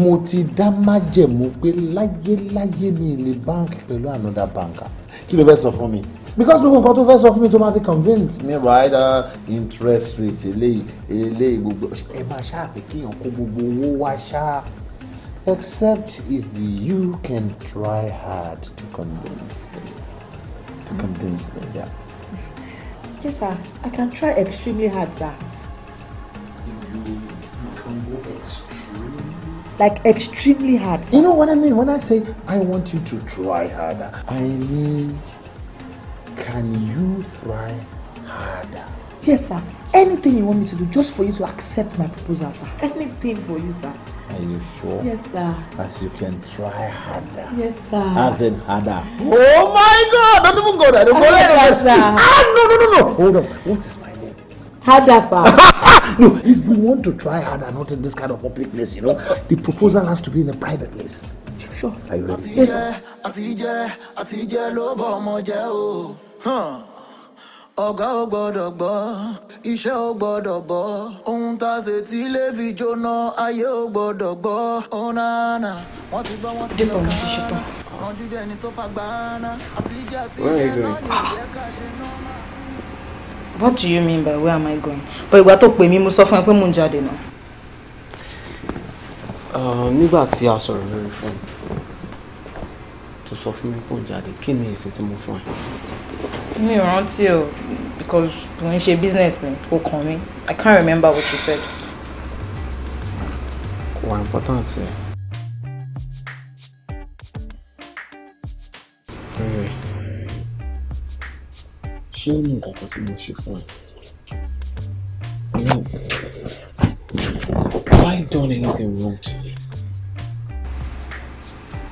mo ti dá májẹ̀mú pé láyéláyé mi lè bank pẹ̀lú another banker kí ló fẹ́ sọ fún mi because gbogbo nǹkan tó fẹ́ sọ fún mi tó máa fi convince me right uh, interest rate eléyìí eléyìí gbogbo ẹ máa ṣáàpì kéèyàn kó gbogbo owó wá ṣáà except if you can try hard to convince me. Convince me, yeah. Yes, sir. I can try extremely hard, sir. You, you can go extremely like extremely hard. Sir. You know what I mean? When I say I want you to try harder, I mean, can you try hard. Yes, sir. Anything you want me to do just for you to accept my proposal, sir. Anything for you, sir. Are you sure? Yes, sir. As you can try harder. Yes, sir. As in harder. Oh my God! Don't even go there. Don't go there. Sir. Ah, no, no, no, no. Hold on. What is my name? Harder, sir. no, if you want to try harder, not in this kind of public place, you know, the proposal has to be in a private place. Sure. Are you ready? Yes, sir. Huh ọ̀gá ò gbọ́dọ̀ gbọ́ iṣẹ́ ò gbọ́dọ̀ bọ́ ohun tá a ṣe tí lè fi jóná ayé ò gbọ́dọ̀ gbọ́ ọ̀nàànà oh, wọ́n ti gbọ́ wọ́n ti lọ ká wọ́n ti bí ẹni tó fa gbáná àti ìjà àti ìjà náà ní ìjẹ́ ká ṣe náà. What do you mean by where am I going? But ìgbà tó pè mí mo sọ fún ẹ pé mò ń jáde náà. Uh, nígbà tí a sọ̀rọ̀ lórí fóònù tó sọ fún mi pé ó ń jáde kí ni èsì tí mo fún ẹ? mi ò rántí o because kò ń ṣe business mi kò kàn mí i can't remember what you said. kò wá important ẹ. ṣé ó ní nǹkan kan tí mo ṣe fún ẹ. No. Have I done anything wrong to you?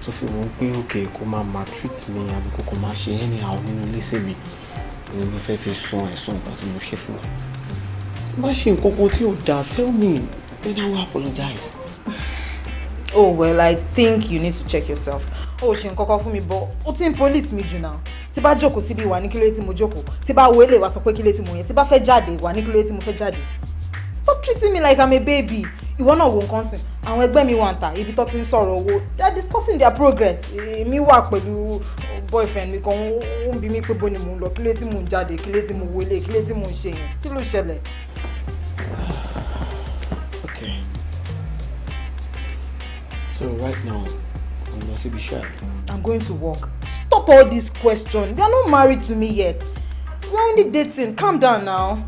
tó fi wọ́n pé òkè kó máa maltreat mi àbí kò kò máa ṣe ẹni àwọn nínú ilé sí mi òun ló fẹ́ fi sun ẹ̀sùn ìgbà tí mo ṣe fún ẹ. tí bá ṣe nǹkan kan tí ò dáa tell me then I will apologize. oh well I think you need to check yourself ó ṣe nǹkan kan fún mi bọ́ ó ti ń police mi jù náà tí bá jókòó síbi ìwà ní kílódé tí mo jókòó tí bá wọlé ìwà sọ pé kílódé tí mo yẹn tí bá fẹ́ jáde ìwà ní kílódé tí mo fẹ́ jáde stop treating me like I'm a baby ìwọ náà wo nǹkan sìn àwọn ẹgbẹ́ mi wà ń ta ibi tó ti ń sọ̀rọ̀ owó they are discussing their progress èmi wà pẹ̀lú boyfriend mi kan ó ń bi mí pé bó ni mò ń lọ kí ló tí mò ń jáde kí ló tí mò ń wọlé kí ló tí mò ń ṣe yẹn kí ló ṣẹlẹ̀. okay so right now i'm lọ síbi iṣẹ́ àná. i'm going to work stop all these questions. you are not married to me yet we are only dating calm down now.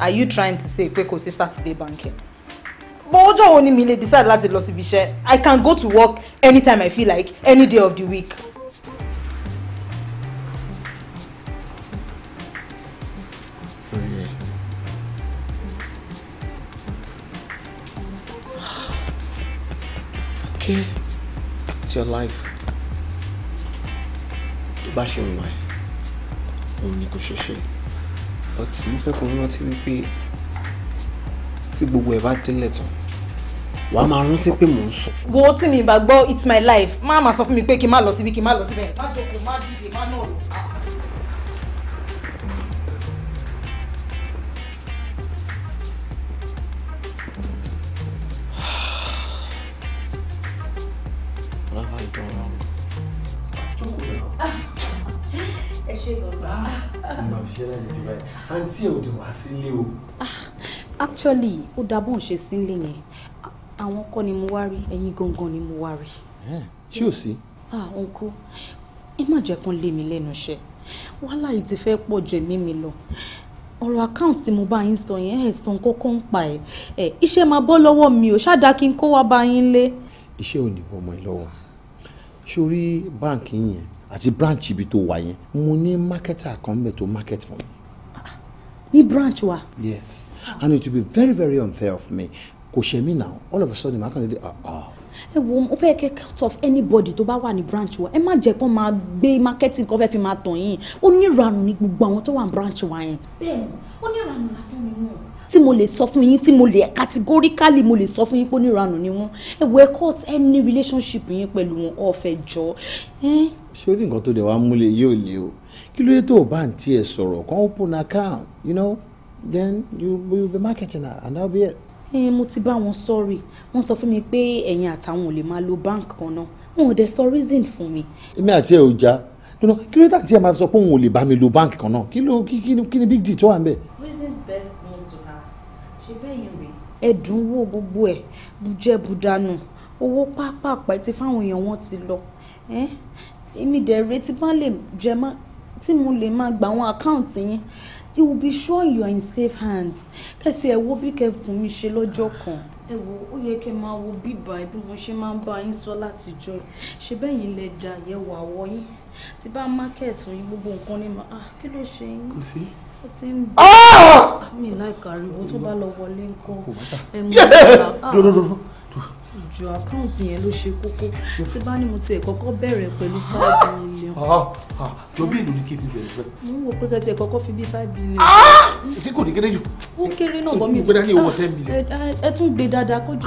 are you trying to say pé kò sí saturday banking but ọjọ́ wo ni mi lè decide láti lọ síbi iṣẹ́ i can go to work anytime i feel like any day of the week. okay it's your life tó bá ṣe wù wá òun ni kò ṣe ṣe but mo fẹ́ kó rántí wípé tí gbogbo ẹ̀ bá délẹ̀ tán wà á máa rántí pé mò ń sọ. wo tí mi ìgbàgbọ́ it's my life má máa sọ fún mi pé kí n má lọ síbi kí n má lọ síbẹ̀ má jókòó má dìde má náà lọ. Ah, actually ó dábọ̀ ń ṣe sílé yẹn àwọn kọ́ ni mo wá rí ẹ̀yin gangan ni mo wá rí. ṣé ò sí. ah uncle ẹ má jẹ́ kán lé mi lẹ́nu iṣẹ́ wàhálà yìí ti fẹ́ pọ̀ jù ẹ̀mí mi lọ ọ̀rọ̀ account mo bá yín sọ yẹn ẹ̀sán kọ́kọ́ ń pa ẹ̀ ẹ̀ iṣẹ́ máa bọ́ lọ́wọ́ mi ò ṣáà dá kí n kó wá bá yín lé. iṣẹ́ ò ní bọ́ ọmọ ẹ lọ́wọ́ sórí báǹkì yẹn àti branch ibi tó wà yẹn mo ní marketer kan bẹ̀ tó market fún mi. Ah, ní branch wa. yes and it will be very very unfair of me kò ṣe mí náà all of a sudden màá kàn ah ah. ẹ wo mo fẹ́ kẹ́ cut off anybody tó bá wà ní branch wa ẹ má jẹ́ kó máa gbé marketing kan fẹ́ fi máa tàn yín ó ní ìranù ní gbogbo àwọn tó wà ní branch wa yẹn. bẹ́ẹ̀ni ó ní ìranù lásán nínú ẹ tí mo lè sọ fún yín tí mo lè categorically mo lè sọ fún yín pé oníranù ni wọ́n ẹ wọ ẹ cut any relationship yín pẹ̀lú wọn ọ̀fẹ́ jọ. ṣé o ní nǹkan tó dẹ̀ wá múlẹ̀ yóò lé o kí ló dé tó o bá ń tiẹ̀ sọ̀rọ̀ kan open account you know then you will be marketing and that will be it. ẹ mo ti bá wọn sọrí wọn sọ fún mi pé ẹ̀yin àtàwọn ò lè máa lo bank kan náà wọn ò dẹ̀ sọ reason fún mi. èmi àti ẹ ò já lọ́nà kí ló dé àti ẹ máa sọ pé òun ò lè bá mi lo báǹkì kan náà kí ló kí ni big deal tó wà ń bẹ̀. reasons best ẹdùn wo gbogbo ẹ bùjẹ bùdànù owó pápápá ti fáwọn èèyàn wọn ti lọ èmi dẹ̀ rèé tí bá lè jẹ má tí mo lè máa gba àwọn àkáǹtì yín you will be sure you are in safe hands kẹsì ẹ wo bí kẹ fún mi ṣe lọ́jọ́ kan. ẹ wo ó yẹ kẹ máa wo bíbá bí mo ṣe máa ń bá yín sọ látijọ́ ṣe bẹ́ẹ̀ yín lè dà yẹ̀wò àwọ̀ yín tí bá market yín gbogbo nǹkan ní ma ah kí ló ṣe yín. kò sí ó ti ń bọ̀ mi láìka ariwo tó bá lọ wọlé nǹkan ẹmu ìjọba ìjọ àkáǹtì yẹn ló ṣe kókó tí bá ní mo tiẹ̀ kọ́kọ́ bẹ̀rẹ̀ pẹ̀lú five million. jọ bí ìlú ni kí n bẹ̀rẹ̀ pẹ̀lú. mo ń wo pé kẹsẹ̀ kọ́kọ́ fi bí five million. ṣé kò ní kéré jù. ó kéré náà bọ́ mi. mo gbé dání owó ten million. ẹ tún gbé dáadáa kó jù.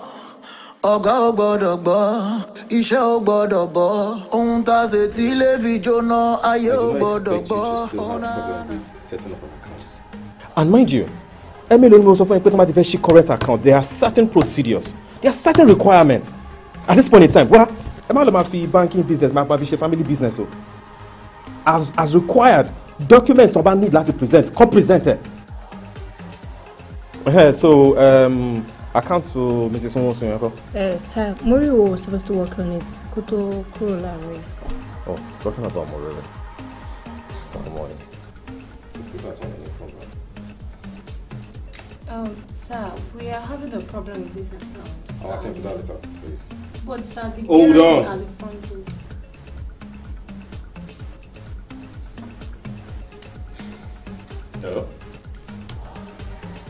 ọ̀gá ò gbọ́dọ̀ gbọ́ iṣẹ́ ò gbọ́dọ̀ bọ́ ohun tá a ṣe tí lè fi jóná ayé ò gbọ́dọ̀ gbọ́. and mind you ẹ̀mí ló ní mo sọ fún yín pé tó máa ti fẹ́ ṣí current account there are certain procedures there are certain requirements at this point in time wá ẹ má lọ máa fi banking business máa fi ṣe family business o as as required documents tó bá need láti present come present ẹ. so um, account to mrs nwosu yẹn kọ. ẹ sir mori was supposed to work on it kó tó kúrò oh talking about mori rẹ ọmọ yẹn Um, sir, we are having a problem with this account. I'll attend to that later, please. But sir, the Hold on. at the front door. Hello?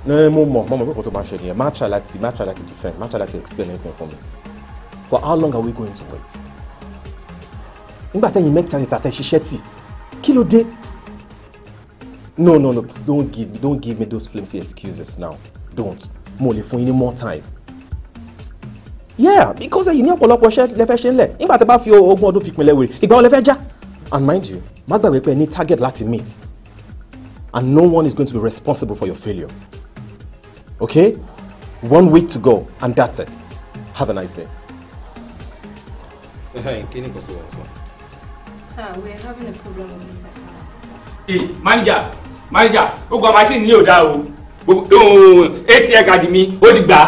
no mo mọ mo mọ pé kò tó máa ṣe nìyẹn má try láti má try láti defend má try láti explain anything for me for how long are we going to wait nígbà tẹ́yìn mẹ́ta tẹ̀ta tẹ̀ ṣiṣẹ́ tì kí ló dé no no no please don't give me don't give me those flimsy excuses now don't mo lè fún yín more time yeah because you need ọ̀pọ̀lọpọ̀ ṣẹ́ lẹ́fẹ́ ṣe ń lẹ̀ nígbà tẹ́ bá fi ogún ọdún fi pinlẹ̀ wèrè ìgbà wọn lẹ́fẹ́ já and mind you má gbàgbé pé target láti meet and no one is going to be responsible for your failure. Okay? One week to go, and that's it. Have a nice day. Hey, can you go to work? Sir, we're having a problem with this account. Hey, manager, manager, ó gba machine ni ó dá o. Oh, ATM card mi, ó ti gbà.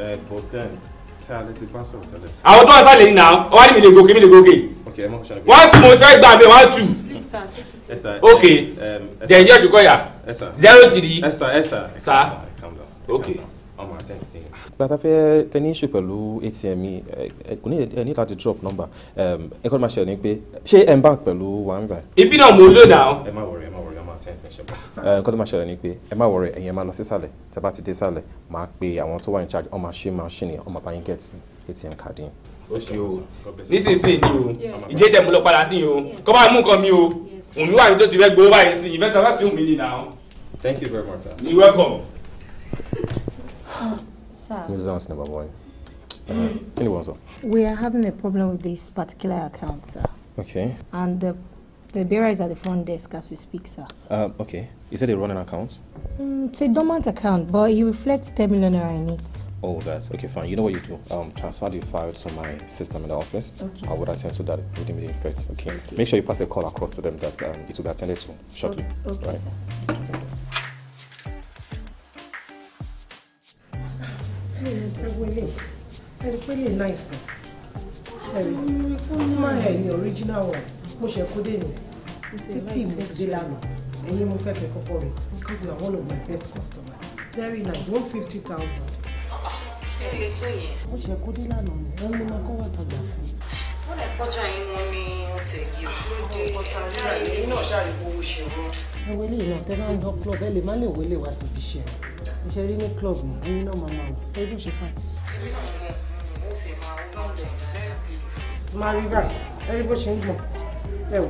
Eh, but then àwọn tó wà sálẹ̀ yìí náà wọ́n á lè mi lè gòkè mi lè gòkè wọ́n á tún mo fẹ́ gbà bẹ́ẹ̀ wọ́n á tù you jẹ̀yẹ́ ṣùkọ́ yà zero three. ẹ sà ẹ sà. sà ok. ọmọ àti ẹ̀ sí. gbàtà fẹ́ tẹ ní ṣe pẹ̀lú atm yìí kò ní ẹ ní láti drop number um, ẹ kọ́ ni máa ṣe ní pé ṣé ẹ ń bank pẹ̀lú one bank. ibi náà mo lò náà. ẹ má wọrẹ ẹ má wọrẹ ọmọ àti ẹ̀ sí ṣe. nǹkan tó máa ṣẹlẹ̀ ni pé ẹ má wọrẹ ẹ̀yin ẹ máa lọ sísàlẹ̀ tẹ bá ti dé sàlẹ̀ máa pe àwọn tó wà ní charge ọmọ àṣẹ machine ọmọ bá yín get atm card yín ó ṣe o nísinsìnyí o ìjẹ́jẹ́ mo lọ padà sí yìí o kọ́ bá mú nǹkan mi o òun mi wà ní tó ti fẹ́ gbowó báyìí sí ìfẹ́ tó fẹ́ fi hùn mí nìyà o. Thank you very much. Sir. You're welcome. Uh, hmm. Sir. We are having a problem with this particular account, sir. Okay. And the, the bearer is at the front desk as we speak, sir. Uh, okay. Is it a running account? Mm, it's a dormant account, but it reflects 10 million naira in it. Oh, that's okay. Fine. You know what you do. Um, transfer the file to my system in the office. Okay. I would attend to that immediately. effect. Okay? okay. Make sure you pass a call across to them that um, it will be attended to shortly. Okay. Right. ẹni pé lè náà ìsìn ṣẹ̀rí má ẹ̀ ní original one mo ṣe kó dènà pété mo ti dé lánàá ẹ̀yìn mo fẹ́ kẹ́ kọ́kọ́ rẹ̀ because you are one of my best customers very nice one fifty thousand. ilé tó yẹ. mo ṣe kó dé lánàá ni wọ́n ní máa kọ́ wà tàgbà fún mi. wọ́n lè kọjá yín mọ́ ní ọ̀tẹ̀ yìí ló dé ọ̀tá náà yìí náà ṣàlùkò owó ṣe wọ́n. ẹ wọlé ìrántẹ́ máa ń dán club ẹ lè má lè wọlé wá síbi iṣẹ́ rẹ̀ ìṣe rí ní club ni ẹyin náà máa máa wò ẹyin ló ṣe fún ẹ. èmi náà ṣe mọ mo sì máa wọ́n lọ máa rí báyìí ẹrí bó ṣe ń gbọ̀n ẹ wò.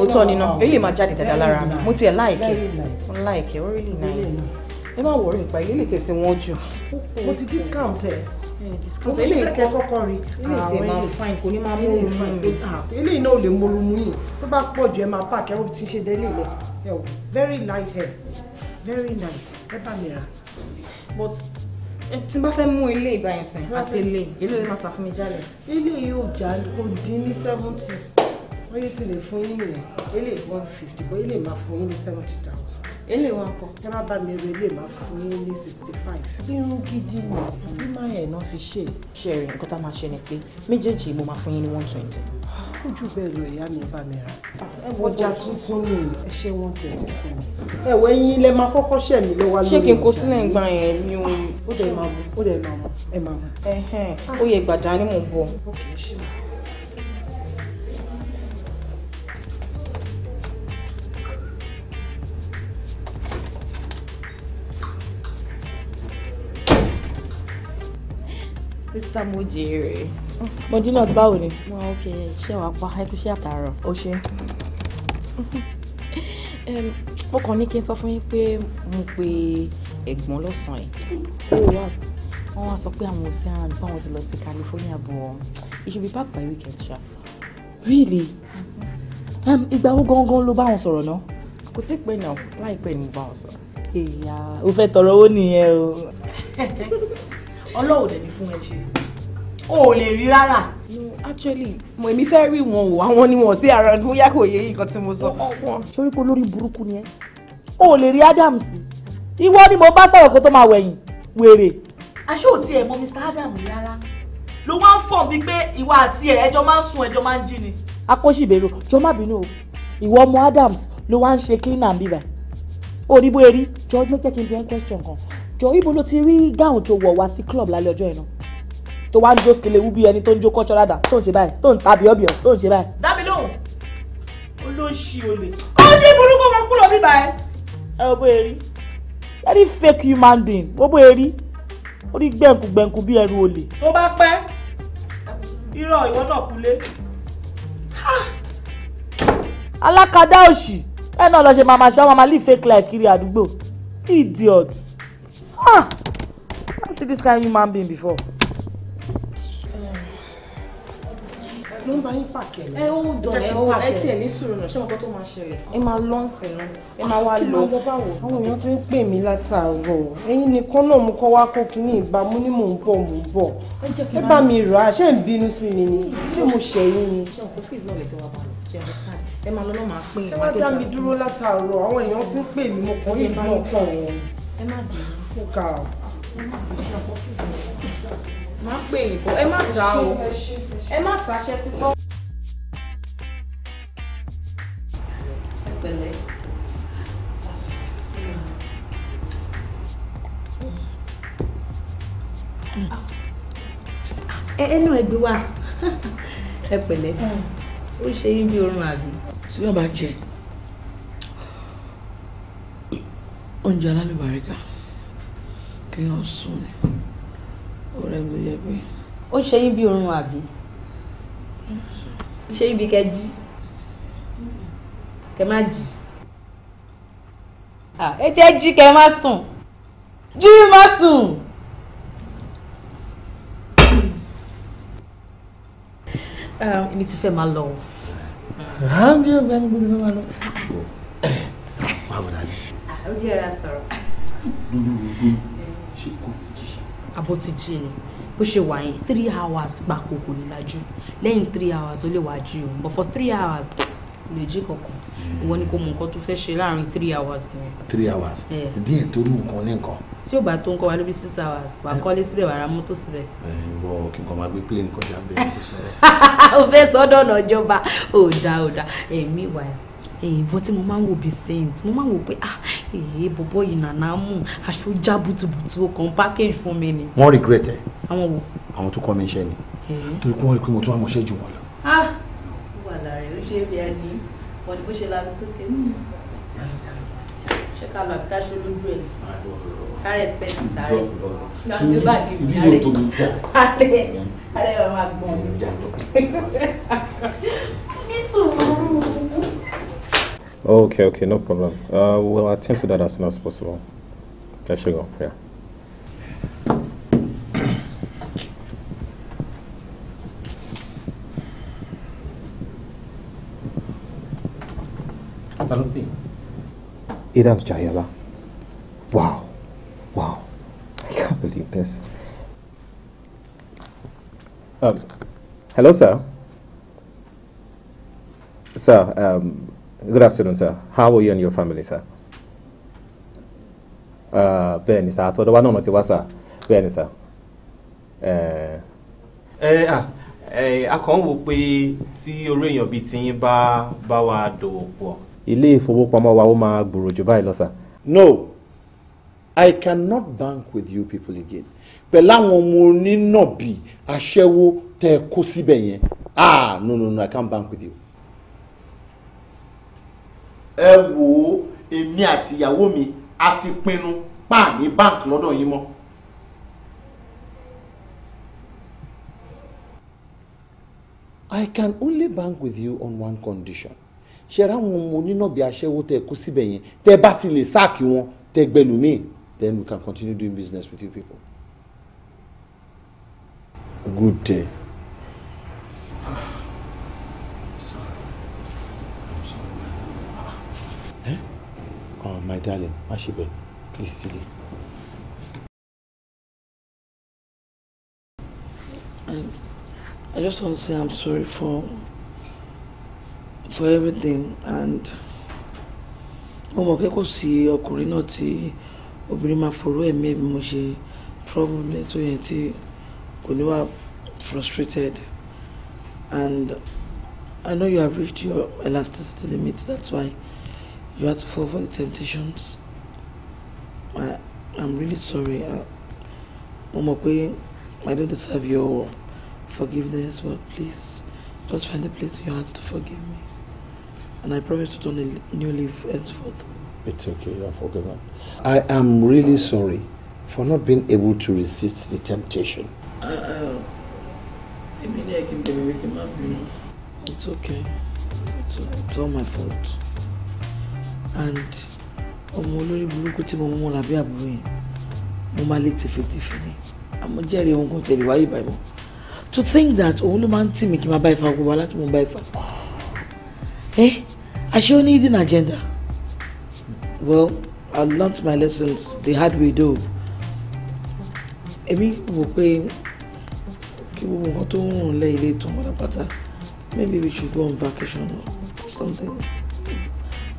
òótọ́ nínú èyí máa jáde dáadáa lára mi mo tiẹ̀ láìkẹ́ ń láìkẹ́ ó rí lì náà ẹ discount ẹ mo ti fẹ́ kẹ́ kọ́kọ́ rí ilé ah, tètè fine kò ní máa mú un fine ilé ah, iná ò lè mọ̀rùn mú yìí tó bá pọ̀ jù ẹ máa pàkẹ́ ó ti ṣe délé ilẹ̀ ẹ very light hair very nice ẹ bá mi but eh, tí n bá fẹ́ mú ilé ìbáyìí sìn àti ilé ilé ló máa ta fún mi jálẹ̀. ilé yóò já kò dín ní seventy wọ́n yóò ti lè fún yín nìyẹn ilé one fifty bọ́ ilé máa fún yín ní seventy thousand ele wa kọ. ẹ má bá mi ro ilé ìmọ̀ kan ní ní sixty five. irun gidi ni bí máa ẹ̀ náà fi ṣe. ṣẹ̀rì nǹkan tá a máa ṣe ni pé méjèèjì mo máa fún yín ní one twenty. ó jù bẹ́ẹ̀ lọ ìyá mi bá mi rà. Ah, ọjà tuntun ni ẹ ṣe one thirty fún mi. ẹ̀wọ̀ ẹ̀yin ilẹ̀ máa kọ́kọ́ ṣẹ̀ mí ló wá lórí. ṣé kí n kó sílẹ̀ ń gbà yẹn ní oyin. ó dẹ̀ máa mú ó dẹ̀ máa mú ẹ máa mú. ó yẹ gbàdá bọ̀. ó kì í ṣe mọ́. sista mo jèrè. mo dín náà báwo ni. mo àwọn òkè iṣẹ́ wa pa ẹ kú iṣẹ́ àtàárọ̀. o ṣe. mo kàn ní kí n sọ fún yín pé mo pe ẹ̀gbọ́n lọ́sàn-án ẹ̀ oh, wọ́n wá sọ pé àwọn òsì ara nípa àwọn ti lọ sí California bọ̀ it should be back by weekend ṣá. really ìgbà wo gangan ló bá wọn sọ̀rọ̀ náà. kò tí ì pẹ́ náà láìpẹ́ ni mo bá wọn sọ̀rọ̀. èèyàn ò fẹ́ tọrọ owó nìyẹn o. ọlọ́wọ́ dẹ̀ ní fún ẹ ṣe o ò lè rí rárá. no actually mo èmi fẹ́ rí wọn o àwọn ni wọn sí ara ẹni bóyá kò yé nǹkan tí mo sọ. sori ko lórí burúkú ni ẹ o ò lè rí Adams ìwọ ni mo bá sọ̀rọ̀ kó tó máa wẹ̀yìn wèrè. aṣọ ò tiẹ̀ mọ Mr. Adam rárá ló wá ń fọ̀ bíi pé ìwà àti ẹ̀ ẹjọ́ máa ń sun ẹjọ́ máa ń jí ni. akóṣìbèrò jọ má bínú o ìwọ ọmọ Adams ló wá ń ṣe cleaner bíbẹ̀ òní bó erí jọ jẹ́ kí n bí ẹ́ question kan jọ ibo ló ti rí gáwọn tó wọ̀ wá sí club lálẹ́ ọjọ́ yẹn náà tó wá ń jó skele wú bí ẹni tó ń jó cultural dance tó ń ṣe báyìí tó ń ta bíọ́bíọ́ tó ń ṣe báyìí. dá mi lóhùn olóṣì olè kó ṣe burúkú kan kúrò bíbá ẹ ẹ ò bóyá rí very fake human being ó bóyá rí ó rí gbẹ̀ǹkù gbẹ̀ǹkù bí ẹrù olè. tó bá pẹ́ irọ́ ìwọ náà kulé. alákadá òṣì bẹ́ẹ̀ náà lọ ṣe màmá ṣá màmá live fake life kiri àdúgbò idiot ah i see this kind human being before. ló ń bá yín fàkẹ́ lọ. ẹ ó dọ̀ ẹ ó ẹ tiẹ̀ ní sùúrù náà ṣé mo kọ́ tó máa ṣẹlẹ̀. ẹ máa lọ ǹsìn náà ẹ máa wá lọ. àwọn èèyàn ti ń pè mí látàárọ̀ ẹ̀yin nìkan náà mo kọ́ wá kó kínní ìbámu ní mò ń bọ̀ mò ń bọ̀ ẹ bá mi rà á ṣé ń bínú sí mi ni ṣé mo ṣẹ̀yìn ni. ṣé òkú fíìs náà lè tẹ wá bá lọ ṣe understand ẹ máa lọ náà máa pín in. ṣé wàá dá mi dúró látàárọ̀ àwọn èèyàn ti ń pè mí mo kàn ń bọ̀ kàn wọ́n. ẹ má bínú kó ga ọ. máa pè yín bọ ẹ má ta o ẹ má fàṣẹ ti bọ́. pẹ̀lẹ́. ẹnu ẹgbẹ́ wa ẹ pẹ̀lẹ́ ó ṣe yín bí orun àbí. tí wọ́n bá jẹ oúnjẹ alálùbáríkà kí n sùn ni ọ̀rẹ́ mi yẹ pé. ó ṣe yín bí oorun àbí ṣe yín bí kẹ jí kẹ má jí ẹ jẹ́ jí kẹ má sùn jí má sùn. èmi ti fẹ́ máa lọ. àbí ọgbà ni gbogbo fẹ́ máa lọ. máa bọ̀ dání. ó jẹ́ ra sọ̀rọ̀ ṣe kò jí. àbọ̀ ti jí ni bó ṣe wà yẹn three hours gbàkó kò ní lajú lẹ́yìn three hours ó lè wá jí òun but for three hours kò lè jí kankan hmm. ìwọ ni kò mọ nǹkan tó fẹ́ ṣe láàrin three hours yẹn. three hours eh. díẹ̀ tó ní nǹkan ní nǹkan. tí ò bá tó nǹkan wá lóbi six hours wà á eh. kọ́lé síbẹ̀ wà á ra mọ́tò síbẹ̀. Eh, ìwọ kí n kàn máa gbé plane kọjá bẹ́ẹ̀ kó sẹ́yìn. o fẹ́ sọ́dọ̀ ọ̀nà ìjọba ò dáa ò dáa èmi wà Eh, ìwọ tí mo máa ń wò bí saint mo máa ń wò pé ah èyí eh, bọ̀bọ̀ yìí nàná mú aṣọ já bùtùbùtù ọkàn package fún mi ni. wọ́n regret ẹ̀. àwọn wo. àwọn tó kọ́ mi iṣẹ́ ni eh. torí pé wọ́n rí i pé mo tún àmọ̀ṣẹ́ jù wọ́n lọ. ah wà lára ó ṣe bí ẹni wọn ni bó ṣe lanu sókè hmm. ṣé ká lọ àbí ká ṣe lójú ẹ̀ ká respect sáré ká gbé báàgì mi àrẹ àrẹ àrẹ máa gbọ̀n mi. ní sùúrù. Okay, okay, no problem. Uh, we'll attend to that as soon as possible. There she go. Yeah. Idam's Jayala. Wow. Wow. I can't believe this. Um, hello, sir. Sir, um, Good afternoon, sir. How are you and your family, sir? Uh, Bẹ́ẹ̀ ni sá, àtọ̀dọ̀ wa náà ti wá sá. Bẹ́ẹ̀ ni sá. Ẹ eh. ẹ eh, akàn ah, eh, wò pé tí orí èèyàn bíi tiyín bá bá wa dòwò pọ̀. Ilé ìfowópamọ́ wa ó máa gbòòrò jù báyìí lọ sá. No, I cannot bank with you people again. Pẹ̀lú àwọn ọmọ onínàbì aṣẹ́wó tẹ́ ẹ kó síbẹ̀ yẹn. Ah, no, no, no, I can't bank with you ẹ wò ó èmi àti ìyàwó mi a ti pinnu páàní báǹkì lọ́dọ̀ yín mọ́. I can only bank with you on one condition. ṣe ra àwọn ọmọ onínàbí aṣẹ́wó tẹ kó síbẹ̀ yẹn tẹ bá ti lè sáàkì wọn tẹ gbẹlú mi then we can continue doing business with you people. Good day. oh my darling má please sit. please I just want to say I'm sorry for for everything and mo mọ̀ pé kò sí ọkùnrin náà tí obìnrin máa forú mo ṣe trouble lẹ̀ tó yẹn tí kò frustrated and I know you have reached your elasticity limit that's why. You have to fall for the temptations. I, I'm really sorry. I, I don't deserve your forgiveness, but please just find a place in your heart to forgive me. And I promise to turn a new leaf henceforth. It's okay, you're forgiven. I am really sorry for not being able to resist the temptation. Uh, uh, it's okay. It's, it's all my fault and ọmọ olórí burúkú tí mo mú mọ́ra bí àbúrò yẹn mo máa lé tìfetìfe ni àmọ́ jẹ́rìí ohun kan tẹ̀lé wáyé ìbàdàn to think that òun ló máa ń tì mí kí n máa bá ifá gbogbo aláti mo bá ifá ẹ àṣé ó ní hidden agenda well I learnt my lessons the hard way though èmi wò pé kí gbogbo nǹkan tó ń rùn lẹ́yìn ilé ìtàn pátápátá maybe we should go on vacation or something.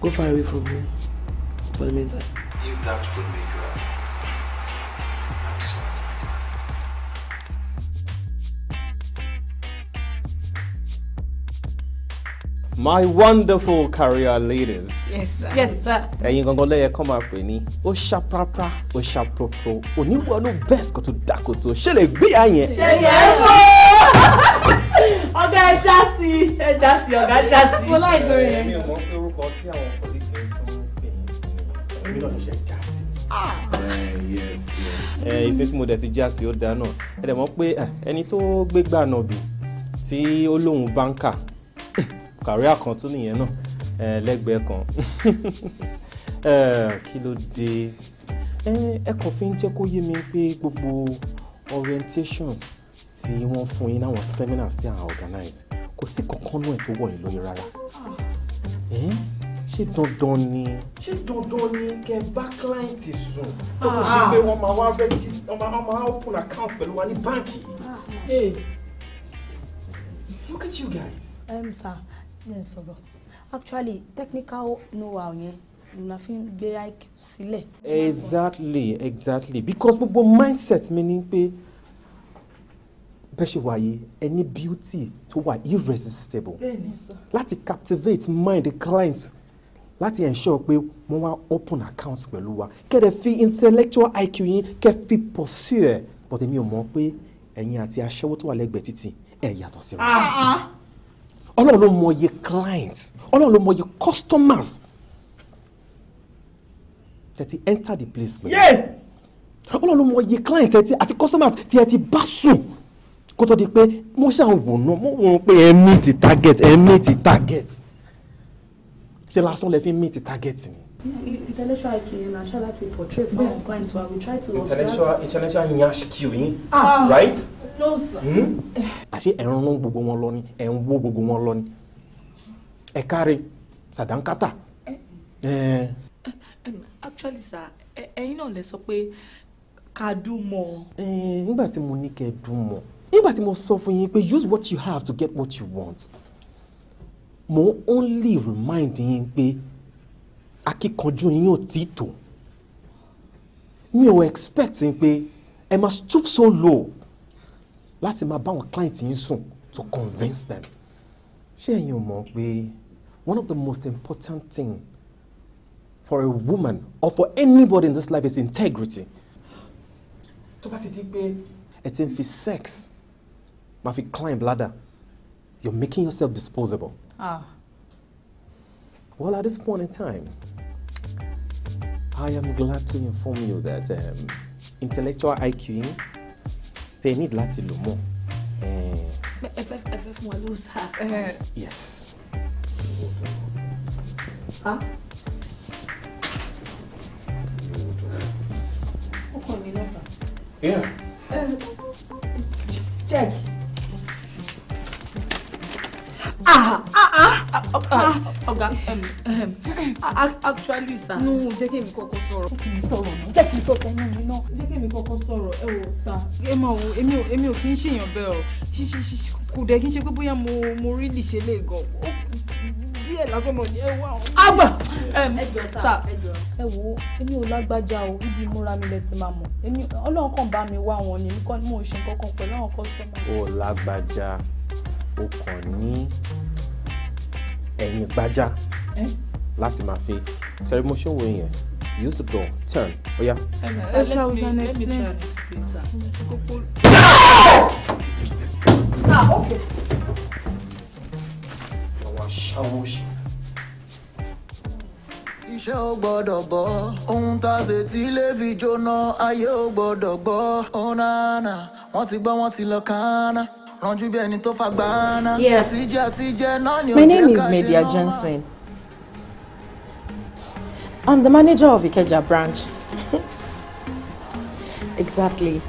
Go far away from me for the meantime. If that will make you my wonderful career ladies. yes sir. yes sir. ẹ̀yin gangan lẹ́yẹ kọ́ máa pè ní ó ṣàprápra ó ṣàpropro oníwọ̀nù bẹ́ẹ̀ kò tó dàkótó ṣe lè gbé àyẹn. ṣe yẹn bọ́ ọ̀gá ẹ já sí ẹ já sí ọ̀gá já sí. mo láì sórí yẹn. mi ò mọ pé tí eh, eh, mo dẹ̀ ti já sí ó dáa náà dẹ̀ mọ̀ pé eh, ẹni tó gbégbá nọ̀bì tí ó lóun báńkà kàríà kan tún nìyẹn náà lẹ́gbẹ̀ẹ́ kan kí ló dé ẹ kàn fi ń jẹ́ kó yé mi pé gbogbo orientation tí wọ́n fún yín láwọn seminars tí à ń organize kò sí kankan náà tó wọ̀ yín lóye rárá ṣé dandan ni. ṣé dandan ni kẹ bá client sùn ah. tó tó ti pé wọ́n máa wá register wọ́n máa máa open account pẹ̀lú wa ní báǹkì. Ah. hey look at you guys. Um, sir lè sọ̀rọ̀ actually technical know-how yẹn la fi gbé IQ sílẹ̀. exactly exactly because gbogbo mindset mi ni pé bẹ́ẹ̀ ṣe wáyé ẹni beauty tó wà irresistible láti captivate mind client láti ensure pé wọ́n wá open account pẹ̀lú wa kẹ́ẹ̀dẹ̀ fi intellectual IQ yín kẹ́ẹ̀ fi pursue ẹ̀ but èmi ò mọ̀ pé ẹ̀yin àti aṣẹ́wó tó wà lẹ́gbẹ̀ẹ́ títì ẹ̀ yàtọ̀ síra. Ah, ah ọlọ́run ló mọyì clients ọlọ́run ló mọyì customers tẹ̀tí enter the place pẹ̀lú ọlọ́run ló mọyì clients tẹ̀tí àti customers tí ẹ ti bá sùn kó tó di pé mo ṣàn wò ná mo wò ó pé ẹ meet the target ẹ meet the target ṣe lásán lẹ fi meet the target ni. intellectual IQ na ṣáà láti portray for our clients while we try to observe. intellectual intellectual yansh q yin ah. right àṣé ẹ̀ ń rún gbogbo wọn lọ ni ẹ̀ ń wó gbogbo wọn lọ ni ẹ káre sàdánkátà. actually sir ẹ̀yin náà lè sọ pé ká dùn mọ́. nígbà tí mo ní kẹ́ ẹ dùn mọ́ nígbà tí mo sọ fún yín pé use what you have to get what you want mo only remind yín pé akíkanjú yín ò tí tó mi ò expect yín pé ẹ máa stoop so low láti máa bá àwọn client yín sùn to convince them ṣé ẹ̀yin ò mọ̀ pé one of the most important thing for a woman or for anybody in this life is integrity tó bá ti di pé ẹ ti ń fi sex máa fi climb ladder you're making yourself disposable. Ah. Well, at this point in time, I am glad to inform you that um, intellectual IQ tẹ ẹ need láti lò mọ́. ẹ fẹ́ fún wa ló sá. yes. ọkọ mi lọ sá. check. ah ọ̀gá actually sir. nù jẹ́ kí èmi kọ́kọ́ sọ̀rọ̀. jẹ́ kí n sọ̀rọ̀ náà jẹ́ kí n sọ̀rọ̀ náà mi náà. jẹ́ kí èmi kọ́kọ́ sọ̀rọ̀ ẹ wò sá. ẹ mọ̀ o èmi ò kí ń ṣèyàn bẹ́ẹ̀ o kò dẹ̀ kí n ṣe pé bóyá mo mo rí lìṣe lè gan díẹ̀ lásán náà ni ẹ wá àwọn. àgbà ẹjọ sá ẹjọ. ẹ wo èmi ò lágbájá o ibi ìmúra mi lẹ ti máa mọ̀ èmi ọlọ́run kàn bá mi wá wọn ni mo ṣe nǹkan kan pẹ̀lú àwọn kọ́sítọ́mà. ó lágbájá o kàn ní ẹ̀yìn gbájá láti máa fi ṣe mo ṣe wo yẹn use the door turn oya. ẹ ṣe àwọn ọ̀gá next name. sir okay. ọwọ́ aṣáwó ṣe. Iṣẹ́ ò gbọ́dọ̀ bọ́, ohun tá a ṣe tí lè fi jóná, ayé ò gbọ́dọ̀ gbọ́, ó oh, náà wọ́n ti gbọ́ wọ́n ti lọ kánná. Yes. My name is Media Jensen. I'm the manager of Ikeja branch. Exactly.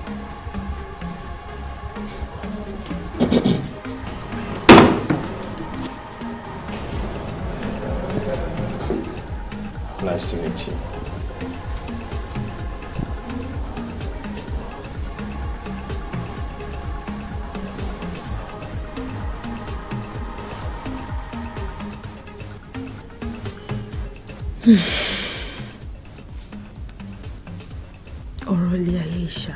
nice to meet you. ọ̀rọ̀ ilé ayé ìṣá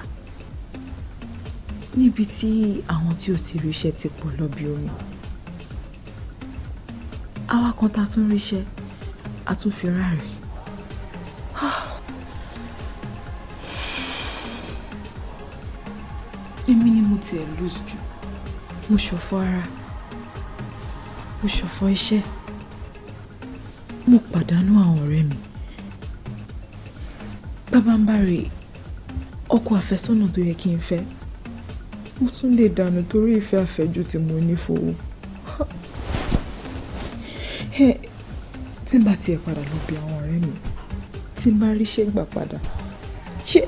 níbi tí àwọn tí ò ti ríṣẹ́ ti pọ̀ lọ omi àwa kan tá a tún ríṣẹ́ a tún fi ráàrin èmi ni mo tiẹ̀ lose jù mo ṣọ̀fọ̀ ara mo ṣọ̀fọ̀ iṣẹ́ mo pàdánù àwọn ọ̀rẹ́ mi pábánbárì ọkọ àfẹ́sọ́nà tó yẹ kí n fẹ́ mo tún lè dànù torí ìfẹ́ àfẹ́jù tí mo ní fowó tí n bá tiẹ̀ padà lọ bí àwọn ọ̀rẹ́ mi tí n bá rí ṣé gbà padà ṣé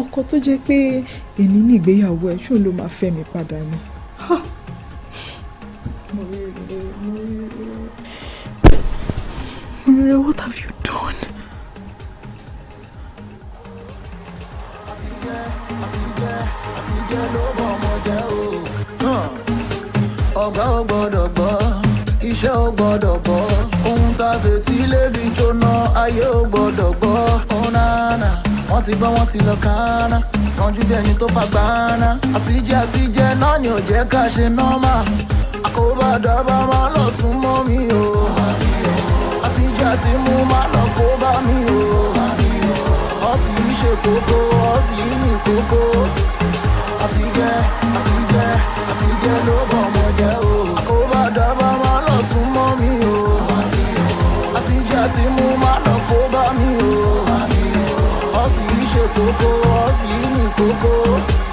ọkọ tó jẹ́ pé èní ní ìgbéyàwó ẹ̀ ṣó ló máa fẹ́ mi padà ni. Ha! Rere, what have you done? iṣẹ́ ò gbọ́dọ̀ gbọ́, ohun tá a ṣe tí ilé fi jóná, ayé ò gbọ́dọ̀ gbọ́, ọ̀nàna, oh, wọ́n ti gbọ́ wọ́n ti lọ kánná, kanjú bí ẹni tó fagbáná, àtijẹ́ àtijẹ́ náà ni ò jẹ́ ká ṣe nọ́mà, àkóbá dábàá máa lọ sún mọ́ mi o ti mú má lọ kó bá mi o ọ̀sì ṣe kókó ọ̀sì ní kókó àtijẹ́ àtijẹ́ àtijẹ́ ló bọ̀ ọmọ jẹ́ o àkóbá dábà má lọ sún mọ́ mi o àtijẹ́ ti mú má lọ kó bá mi o ọ̀sì ṣe kókó ọ̀sì ní kókó.